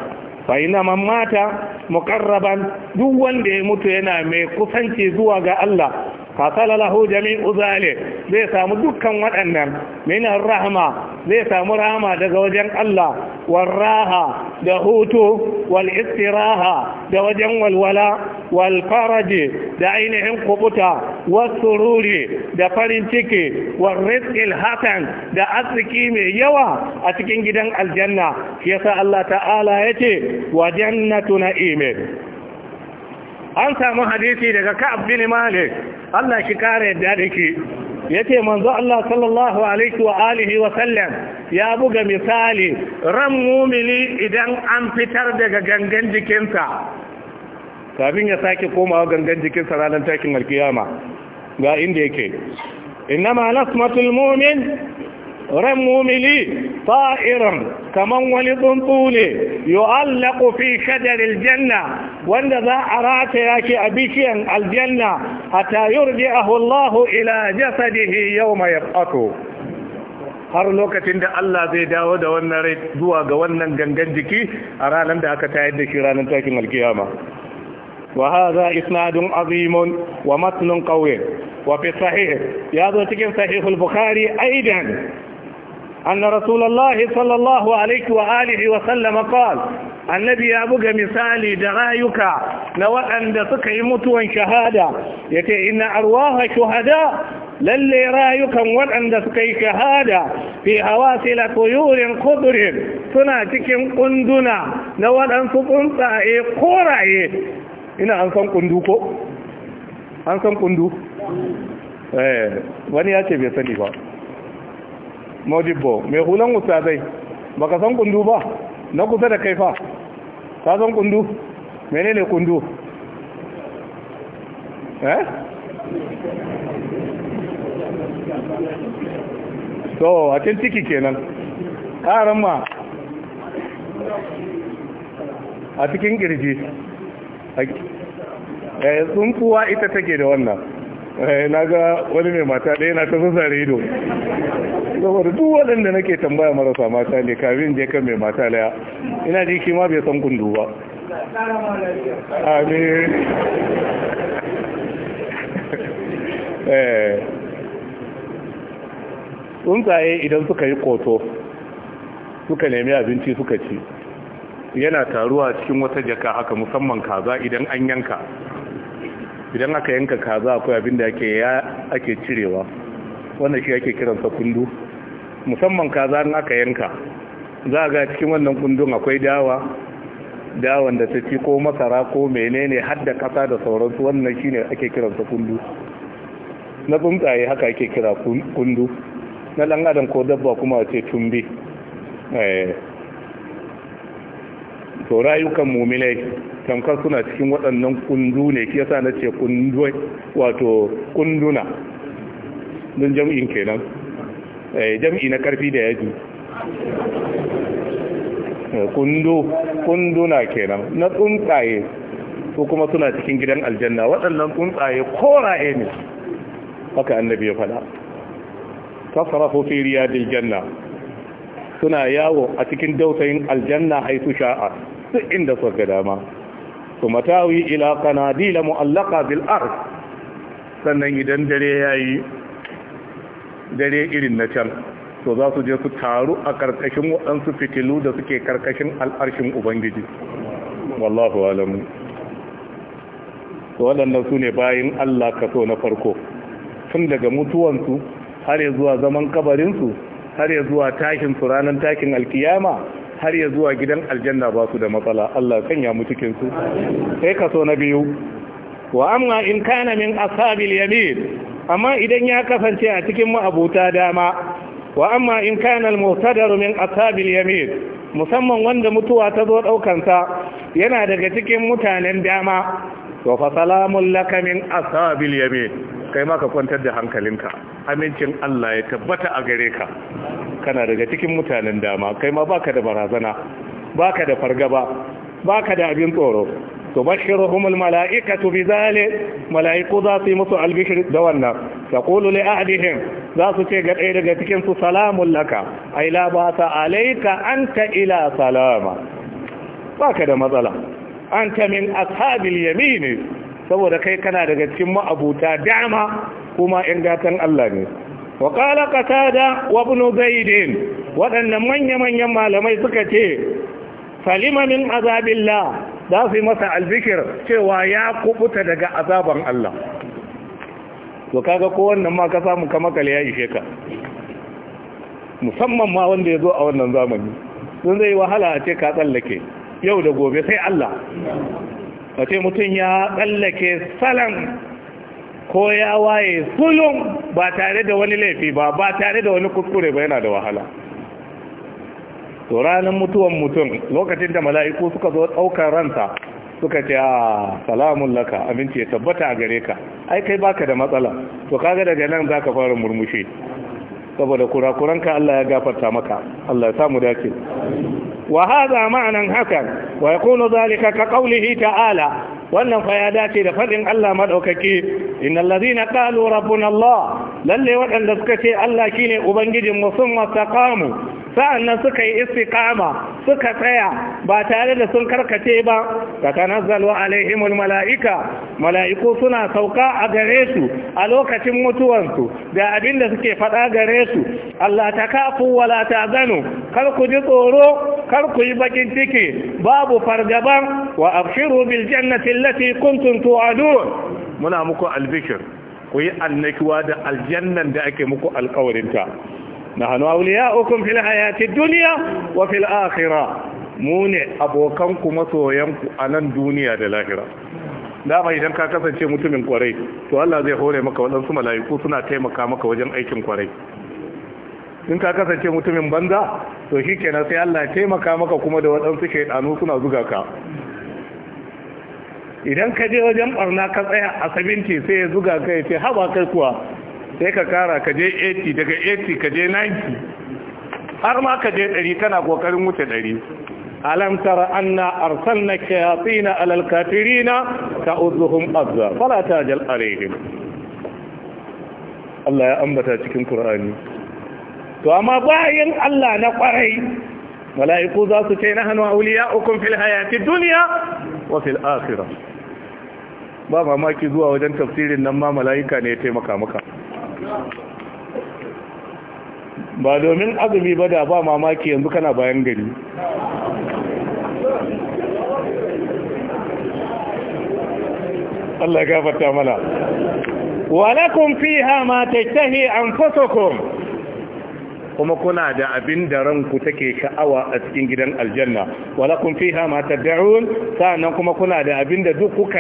fa ina man mata muqarraban duk wanda ya mutu yana mai kusanci zuwa ga Allah fasala lahu jami'u zalik zai samu dukkan waɗannan min rahma zai samu rahama daga wajen Allah warraha da hutu wal istiraha da wajen walwala wal faraji da ainihin kubuta sururi da farin ciki wal rizqil hasan da arziki mai yawa a cikin gidan aljanna yasa Allah ta'ala yace wa jannatu na'ime an samu hadisi daga ka'ab bin malik Allah shi kare yadda dake yace manzo Allah sallallahu alaihi wa alihi wa sallam ya buga misali ran mumini idan an fitar daga gangan jikinsa kafin ya sake komawa gangan jikinsa ranar takin alkiyama ga inda yake innama nasmatul mu'min ran mumili ta'irin kaman wani tsuntsu ne yu'allaqu fi shajaril janna wanda za a rataya shi a bishiyan aljanna hatta yurji'ahu Allah ila jasadihi yawma yab'athu har lokacin da Allah zai dawo da wannan rai zuwa ga wannan gangan jiki a ranar da aka tayar da shi ranar takin alkiyama وهذا إسناد عظيم ومتن قوي وفي الصحيح يا ذو تكن صحيح البخاري أيضا أن رسول الله صلى الله عليه وآله وسلم قال annabi ya buga misali da rayuka na waɗanda suka yi mutuwar shahada ya ina arwaha shuhada lalle rayukan waɗanda suka yi shahada fi hawa sila tuyurin kudurin suna cikin ƙunduna na waɗansu tsuntsaye koraye ina an san ƙundu ko? an san ƙundu? wani ya ce bai sani ba modibbo mai hulan ustazai baka san kundu ba na kusa da kai fa ka san kundu menene kundu eh to a can ciki kenan ƙaran ma a cikin Sun eh, tsuntuwa ita take da wannan Eh, na ga wani mai mata ɗaya na ta sassare ido saboda duk waɗanda nake tambaya marasa mata ne kafin je kan mai mata laya ina ji ma bai san kundu ba amin eh. tsuntsaye idan suka yi koto suka nemi abinci suka ci yana taruwa cikin wata jaka haka musamman kaza idan an yanka idan aka yanka kaza akwai abin da ake ya ake cirewa wannan shi ake kiransa kundu musamman kaza in aka yanka za a ga cikin wannan kundun akwai dawa dawan da ta ci ko masara ko menene har da kasa da sauransu wannan shine ake kiransa kundu na tsuntsaye haka ake kira kundu na dan adam ko dabba kuma a ce tumbe eh. to rayukan muminai tamkar suna cikin waɗannan kundu ne ke sa na ce kunduwai wato kunduna don jam'in kenan eh, jam'i na ƙarfi da yaji eh, kundu kunduna kenan na tsuntsaye ko kuma suna cikin gidan aljanna waɗannan tsuntsaye koraye ne haka annabi ya faɗa tasrafu fi riyadil janna suna yawo a cikin dausayin aljanna haitu sha'a duk inda su ga dama su matawi ila kanadila mu'allaka bil ard sannan idan dare yayi dare irin na can to za su je su taru a karkashin waɗansu fitilu da suke karkashin al'arshin ubangiji wallahu alamu waɗannan su ne bayan allah kaso na farko tun daga mutuwansu har zuwa zaman kabarinsu har ya zuwa takin su ranar takin alkiyama har ya zuwa gidan aljanna ba su da matsala Allah sanya mu cikin sai kaso na biyu wa amma in kana min ashabil yamin amma idan ya kasance a cikin ma'abuta dama wa amma in kana al-muhtadar min ashabil yamin musamman wanda mutuwa ta zo ɗaukansa yana daga cikin mutanen dama wa fa salamun laka min ashabil yamin Kai maka ka kwantar da hankalinka. Amincin Allah ya tabbata a gare ka. Kana daga cikin mutanen dama. Kai ma ba da barazana, ba da fargaba, ba da abin tsoro. Su bashin ruhunin mula'ika tufizale, mula'iku za su yi musu albishir da wannan, da kulunai a'adashin, za su ce ga ɗaya daga cikinsu salamun naka, ai la basa alai ka an ila salama Ba da matsala. An ta min Ashabin Yamini. saboda kai kana daga cikin ma'abuta dama kuma ‘yan gatan Allah ne. wa ƙala ƙasada wa bunu zaidin waɗannan manya-manyan malamai suka ce salimamin azabinla za su yi masa albikir cewa ya kubuta daga azaban Allah to kaga ko wannan ma ka samu kamakal ya ishe ka musamman ma wanda ya zo a wannan zamani sun zai wahala a ce ka tsallake yau da gobe sai Allah ka ce mutum ya tsallake salam ko ya waye sulun ba tare da wani laifi ba ba tare da wani kuskure ba yana da wahala to ranar mutuwan mutum lokacin da mala'iku suka zo ɗaukar ransa suka ce a ah, salamun laka aminci ya tabbata a gare ka ai kai baka da matsala to kaga daga nan zaka fara murmushi saboda kurakuranka Allah ya gafarta maka Allah ya samu dace وهذا معنى حسن ويكون ذلك كقوله تعالى wannan fa ya dace da fadin Allah madaukake innal ladina qalu rabbuna Allah lalle waɗanda suka ce Allah shine ubangijin mu sun mastaqamu sa'annan suka yi istiqama suka tsaya ba tare da sun karkace ba tatanazzalu alaihimul malaika malaiku suna sauka a gare su a lokacin mutuwansu da abinda suke faɗa gare su Allah takafu wala tazanu kar ku ji tsoro kar ku yi bakin ciki babu fargaban wa abshiru bil jannati التي كنتم توعدون منا مكو البشر كوي النكوا ده الجنة ده أكي مكو القورنتا نحن أولياؤكم في الحياة الدنيا وفي الآخرة موني أبوكمكم مسوينكم أنا الدنيا ده الآخرة dama idan ka kasance mutumin kwarai to Allah zai hore maka waɗansu mala'iku suna taimaka maka wajen aikin kwarai in ka kasance mutumin banza to shi kenan sai Allah ya taimaka maka kuma da waɗansu shaidanu suna zuga ka idan ka je wajen barna ka tsaya a 70 sai ya zuga kai sai haba kai kuwa sai ka kara ka je 80 daga 80 ka je 90 har ma ka je 100 kana kokarin wuce 100 alam tara anna arsalna shayatina alal kafirina ta'udhuhum azza fala tajal alaihim Allah ya ambata cikin Qur'ani to amma bayan Allah na kwarai mala'iku za su ce nahnu ukun fil hayati duniya wa fil akhirah ba mamaki zuwa wajen tafsirin nan ma mala'ika ne ya taimaka maka ba domin azumi ba da ba mamaki yanzu kana bayan gari Allah ya gafarta mana wa lakum fiha ma tajtahi anfusukum kuma kuna da abin da ranku take sha'awa a cikin gidan aljanna walakun fiha ma tad'un sa'annan kuma kuna da abin da duk kuka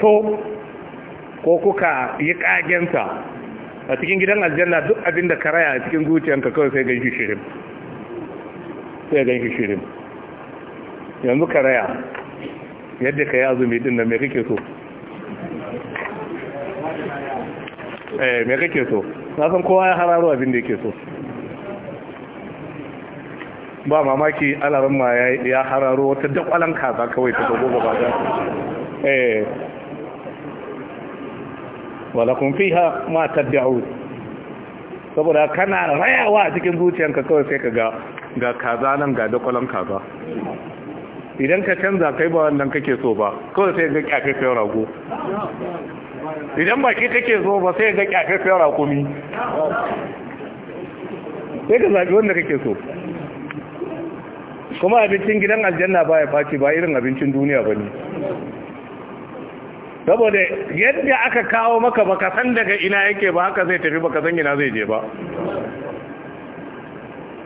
so ko kuka yi kagensa a cikin gidan aljanna duk abin da karaya a cikin zuciyanka kawai sai ganshi shirin sai ganshi shirin yanzu karaya yadda ka yazo azumi din da me kake so eh me kake so na san kowa ya hararo abin da yake so ba mamaki alarin ma ya hararo wata alan kaza kawai ta dogo gaba da eh walakum fiha ma tad'u saboda kana rayawa a cikin zuciyanka kawai sai ka ga ga kaza nan ga alan kaza idan ka canza kai ba wannan kake so ba kawai sai ga kyakkyawan rago idan baki take so ba sai ga kyakkyawan rakumi sai ka zabi wanda kake so kuma abincin gidan aljanna ba ya faci ba irin abincin duniya ba ne saboda yadda aka kawo maka baka san daga ina yake ba haka zai tafi baka san ina zai je ba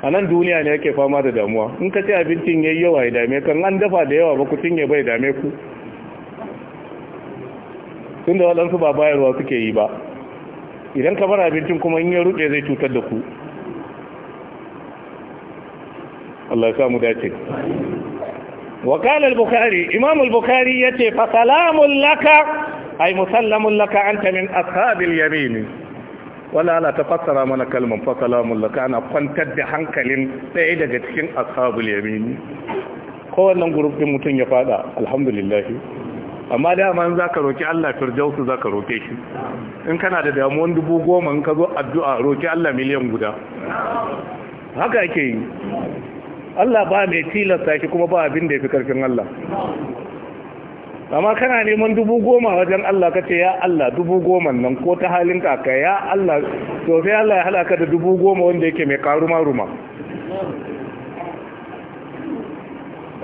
a nan duniya ne yake fama da damuwa in ka ce abincin ya yi yawa ya dame kan an dafa da yawa ba ku cinye bai dame ku tunda waɗansu ba bayarwa suke yi ba idan ka bar abincin kuma in ya ruɗe zai cutar da ku Allah ya mu dace wa qala al-bukhari imam al-bukhari yace fa salamun laka ay musallamun laka anta min ashabil yamin wala la tafassara mana kalman fa salamun laka ana kwantar da hankalin ɗaya daga cikin ashabul yamin kowannan group din mutum ya fada alhamdulillah amma dama in zaka roki Allah firdausu zaka roke shi in kana da damuwan dubu goma in ka zo addu'a roki Allah miliyan guda haka ake yi Allah ba mai tilasta shi kuma ba abin da ya fi karfin Allah amma kana neman dubu goma wajen Allah ka ce ya Allah dubu goma nan ko ta halin kaka ya Allah to sai Allah ya halaka da dubu goma wanda yake mai karuma ruma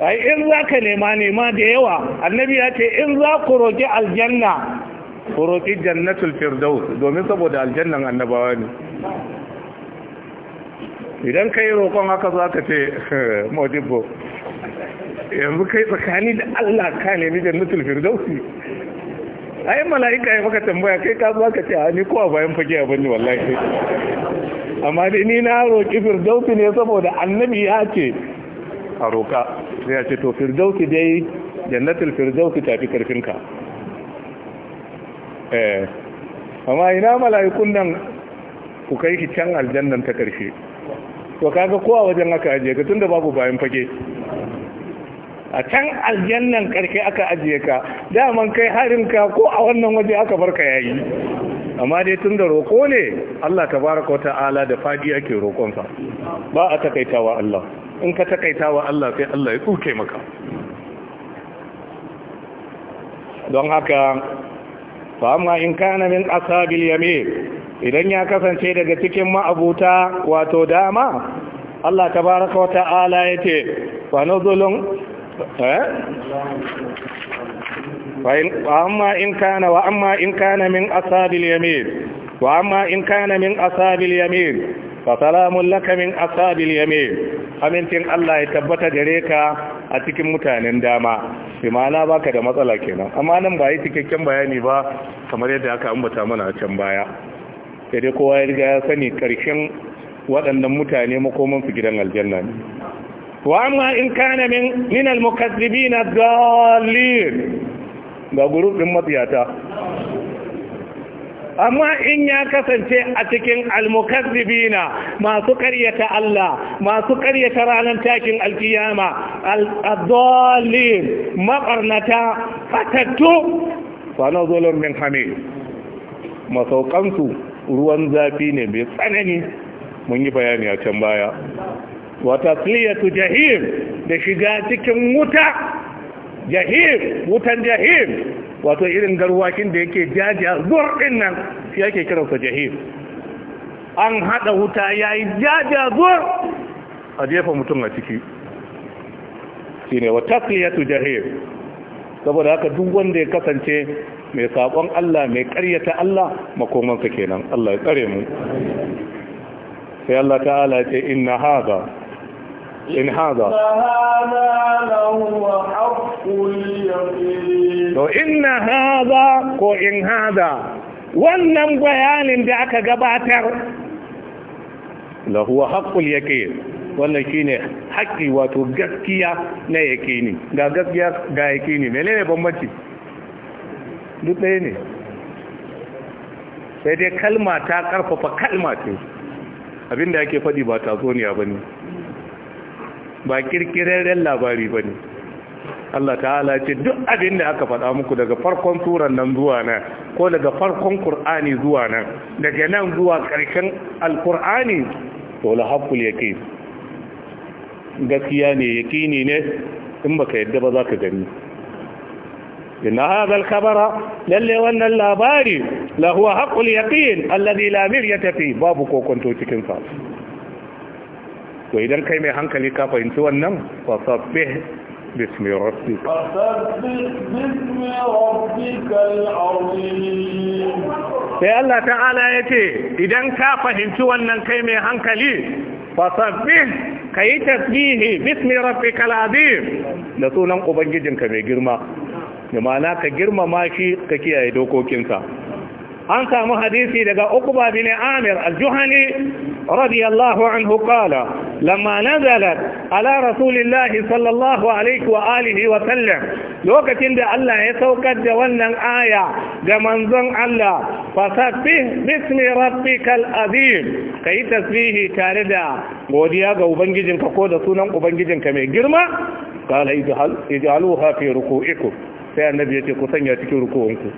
ai in za ka nema nema da yawa annabi ya ce in za ku roƙi aljanna ku roƙi jannatul firdaus domin saboda aljannan annabawa ne idan ka yi roƙon haka za ka ce modibbo yanzu kai tsakani da allah ka nemi jannatul firdausi ai mala'ika ya maka tambaya kai ka za ka ce a ni kowa bayan fage abin ni wallahi amma da ni na roƙi firdausi ne saboda annabi ya ce a roƙa ya ce to firdausi dai jannatul firdausi fi karfinka eh, amma ina mala'ikun nan ku kai shi can aljannan ta karshe to kaga kowa wajen aka ajiye ka tunda babu bayan fage a can aljannan karke aka ajiye ka daman kai harin ka ko a wannan waje aka barka yayi amma dai tunda roko ne Allah wa ta'ala da fadi ake roƙon sa ba a takaitawa Allah in ka takaitawa Allah sai Allah ya tsuke maka don haka fa amma in kana min asabil yamin idan ya kasance daga cikin ma'abuta wato dama Allah ta baraka wa ta'ala yace ce eh? in wa amma in kana min asabil yamin wa amma in kana min asabil yamin fa salamun laka min asabil yamin amincin Allah ya tabbata gare ka a cikin mutanen dama imana ma'ana baka da matsala kenan amma nan ba yi cikakken bayani ba kamar yadda aka ambata mana a can baya sai dai kowa ya riga ya sani karshen waɗannan mutane makoman su gidan aljanna ne wa amma in kana min min almukazzibin ad-dallin ga gurubin matsiyata amma in ya kasance a cikin almukazzibina masu karyata Allah masu karyata ranar takin alkiyama al-dallin mabarnata fatattu fa nazulun min hamid masaukansu ruwan zafi ne mai tsanani mun yi bayani a can baya wata tsiliyatu jahim da shiga cikin wuta jahim wutan jahim wato irin garwakin da yake jajiya zur nan shi yake kiransa jahim an haɗa wuta yayi jajiya zur a jefa mutum a ciki Shi ne wata tsiliyatu jahim saboda haka duk wanda ya kasance mai sabon Allah mai karyata Allah makomansa kenan Allah ya tsare mu sai Allah ta'ala ce inna hadha in hadha to inna hadha ko in hadha wannan bayanin da aka gabatar huwa haqqul yaqin wannan shine haƙƙi wato gaskiya na yakini ga gaskiya ga yakini menene bambanci duk ɗaya ne sai dai kalma ta ƙarfafa kalma ce abinda ake faɗi ba tatsuniya ba ne ba ƙirƙirarren labari ba ne Allah ta'ala ce duk abin da aka faɗa muku daga farkon turan nan zuwa nan ko daga farkon ƙur'ani zuwa nan daga nan zuwa ƙarshen Al-Qur'ani to la gaskiya ne yaqini ne ne, in baka yadda ba za ka gani Ina hadha al lalle wannan labari la huwa haqqul yaqin alladhi la miryata fi babu kokonto cikin to idan kai mai hankali ka fahimci wannan fa sabbih sai Allah ta'ala yace idan ka fahimci wannan kai mai hankali fasabbih kayi tasbihi bismi rabbikal azim da sunan ubangijinka mai girma da ma'ana ka girmama shi ka kiyaye dokokinsa an samu hadisi daga uqba bin amir al-juhani radiyallahu anhu qala lamma nazalat ala rasulillahi sallallahu alaihi wa alihi wa sallam lokacin da Allah ya saukar da wannan aya ga manzon Allah fasabbih bismi rabbikal azim kai tasbihi tare da godiya ga ubangijinka ko da sunan ubangijinka mai girma qala ij'aluha fi ruku'ikum sai annabi ya ce ku sanya cikin rukuwanku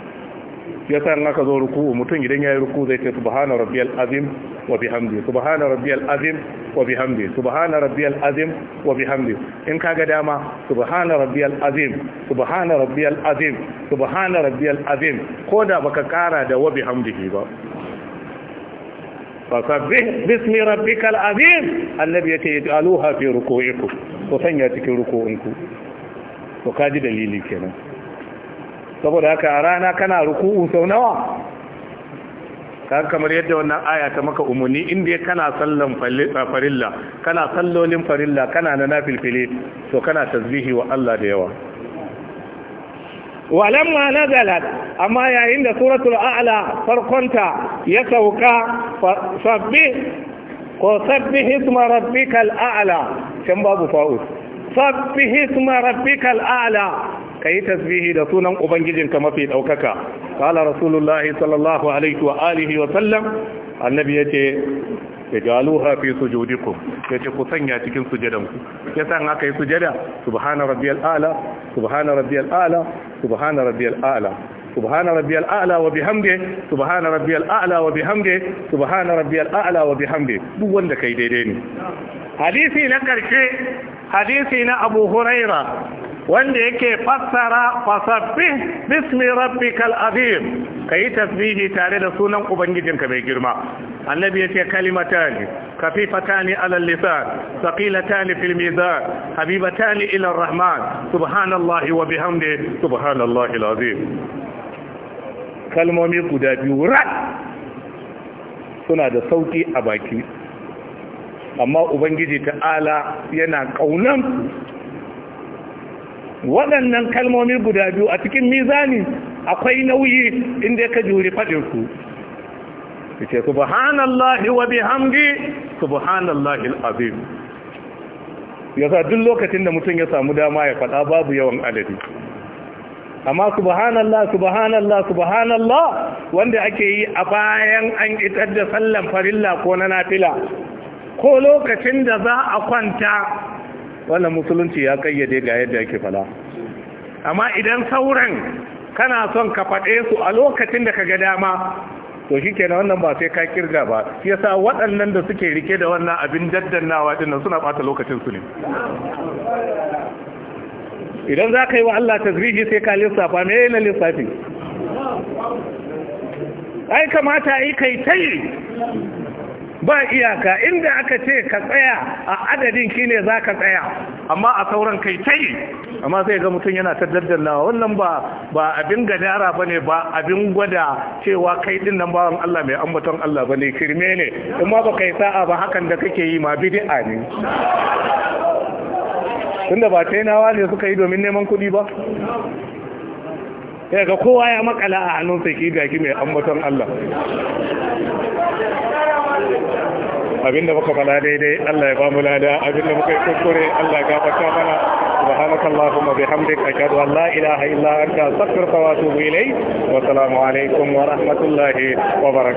ya sa aka zo ruku mutum idan ya yi ruku zai ce subhana rabbiyal azim wa bihamdi subhana rabbiyal azim wa bihamdi subhana rabbiyal azim wa bihamdi in kaga dama subhana rabbiyal azim subhana rabbiyal azim subhana rabbiyal azim ko da baka kara da wa bihamdihi ba fasabbih bismi rabbikal azim annabi yace yaj'aluha fi ruku'ikum ku sanya cikin ruku'unku to kaji dalili kenan saboda haka a rana kana ruku'u sau nawa kamar yadda wannan aya ta maka umarni inda ya kana sallon farilla kana sallolin farilla kana na nafilfile to kana tasbihi wa Allah da yawa walamma nazalat amma yayin da suratul a'la farkonta ya sauka sabbi ko sabbi hisma rabbikal a'la can babu fa'us sabbi hisma rabbikal a'la ka yi tasbihi da sunan ubangijinka mafi ɗaukaka kala rasulullahi sallallahu alaihi wa alihi wa sallam annabi ya ce ya hafi su sujudikum ya ce ku sanya cikin sujadanku ya san aka yi sujada subhana rabbiyal ala subhana Rabbi ala subhana rabbiyal ala subhana rabbiyal a'la wa bihamdi subhana rabbiyal a'la wa bihamdi subhana rabbiyal a'la wa bihamdi duk wanda kai daidai ne hadisi na karshe hadisi na Abu Huraira wanda yake fassara fasabbih bismi rabbikal azim kai tasbihi tare da sunan ubangijinka mai girma annabi yace kalimatani kafifatani ala lisan thaqilatani fil mizan habibatani ila arrahman subhanallahi wa bihamdi subhanallahi alazim kalmomi guda biyu rat suna da sauki a baki amma ubangiji ta'ala yana kaunan waɗannan kalmomi guda biyu a cikin mizani akwai nauyi inda ka juri faɗinku ce subhanallahi wa bihamdi subhanallahi alazim yasa duk lokacin da mutum ya samu dama ya faɗa babu yawan adadi amma subhanallah subhanallah subhanallah wanda ake yi a bayan an itar da sallan farilla ko na nafila ko lokacin da za a kwanta wannan musulunci ya kayyade ga yadda yake fada amma idan sauran kana son ka faɗe su a lokacin da ka ga dama to shi kenan wannan ba sai ka kirga ba shi yasa waɗannan da suke rike da wannan abin daddannawa din nan suna ɓata lokacin su ne idan za ka yi wa Allah tasbihi sai ka lissafa me yana lissafi ai kamata ai kai tai ba iyaka inda aka ce ka tsaya a adadin ne za ka tsaya amma a sauran kai ta yi. amma sai ga mutum yana ta daddannawa wannan ba abin gadara ba ne ba abin gwada cewa kai din nan bawan Allah mai ambaton Allah ba ne kirme ne ma ba kai sa'a ba hakan da kake yi ma bid'a ne tunda ba tainawa ne suka yi domin neman kuɗi ba ya ga kowa ya makala a hannun sai ki gaki mai ambaton Allah abinda muka fada daidai Allah ya ba mu lada abinda muka yi kuskure Allah ya gafarta mana subhanakallahumma bihamdika. ashhadu an la ilaha illa anta astaghfiruka wa atubu ilayk wa assalamu alaikum wa rahmatullahi wa barakatuh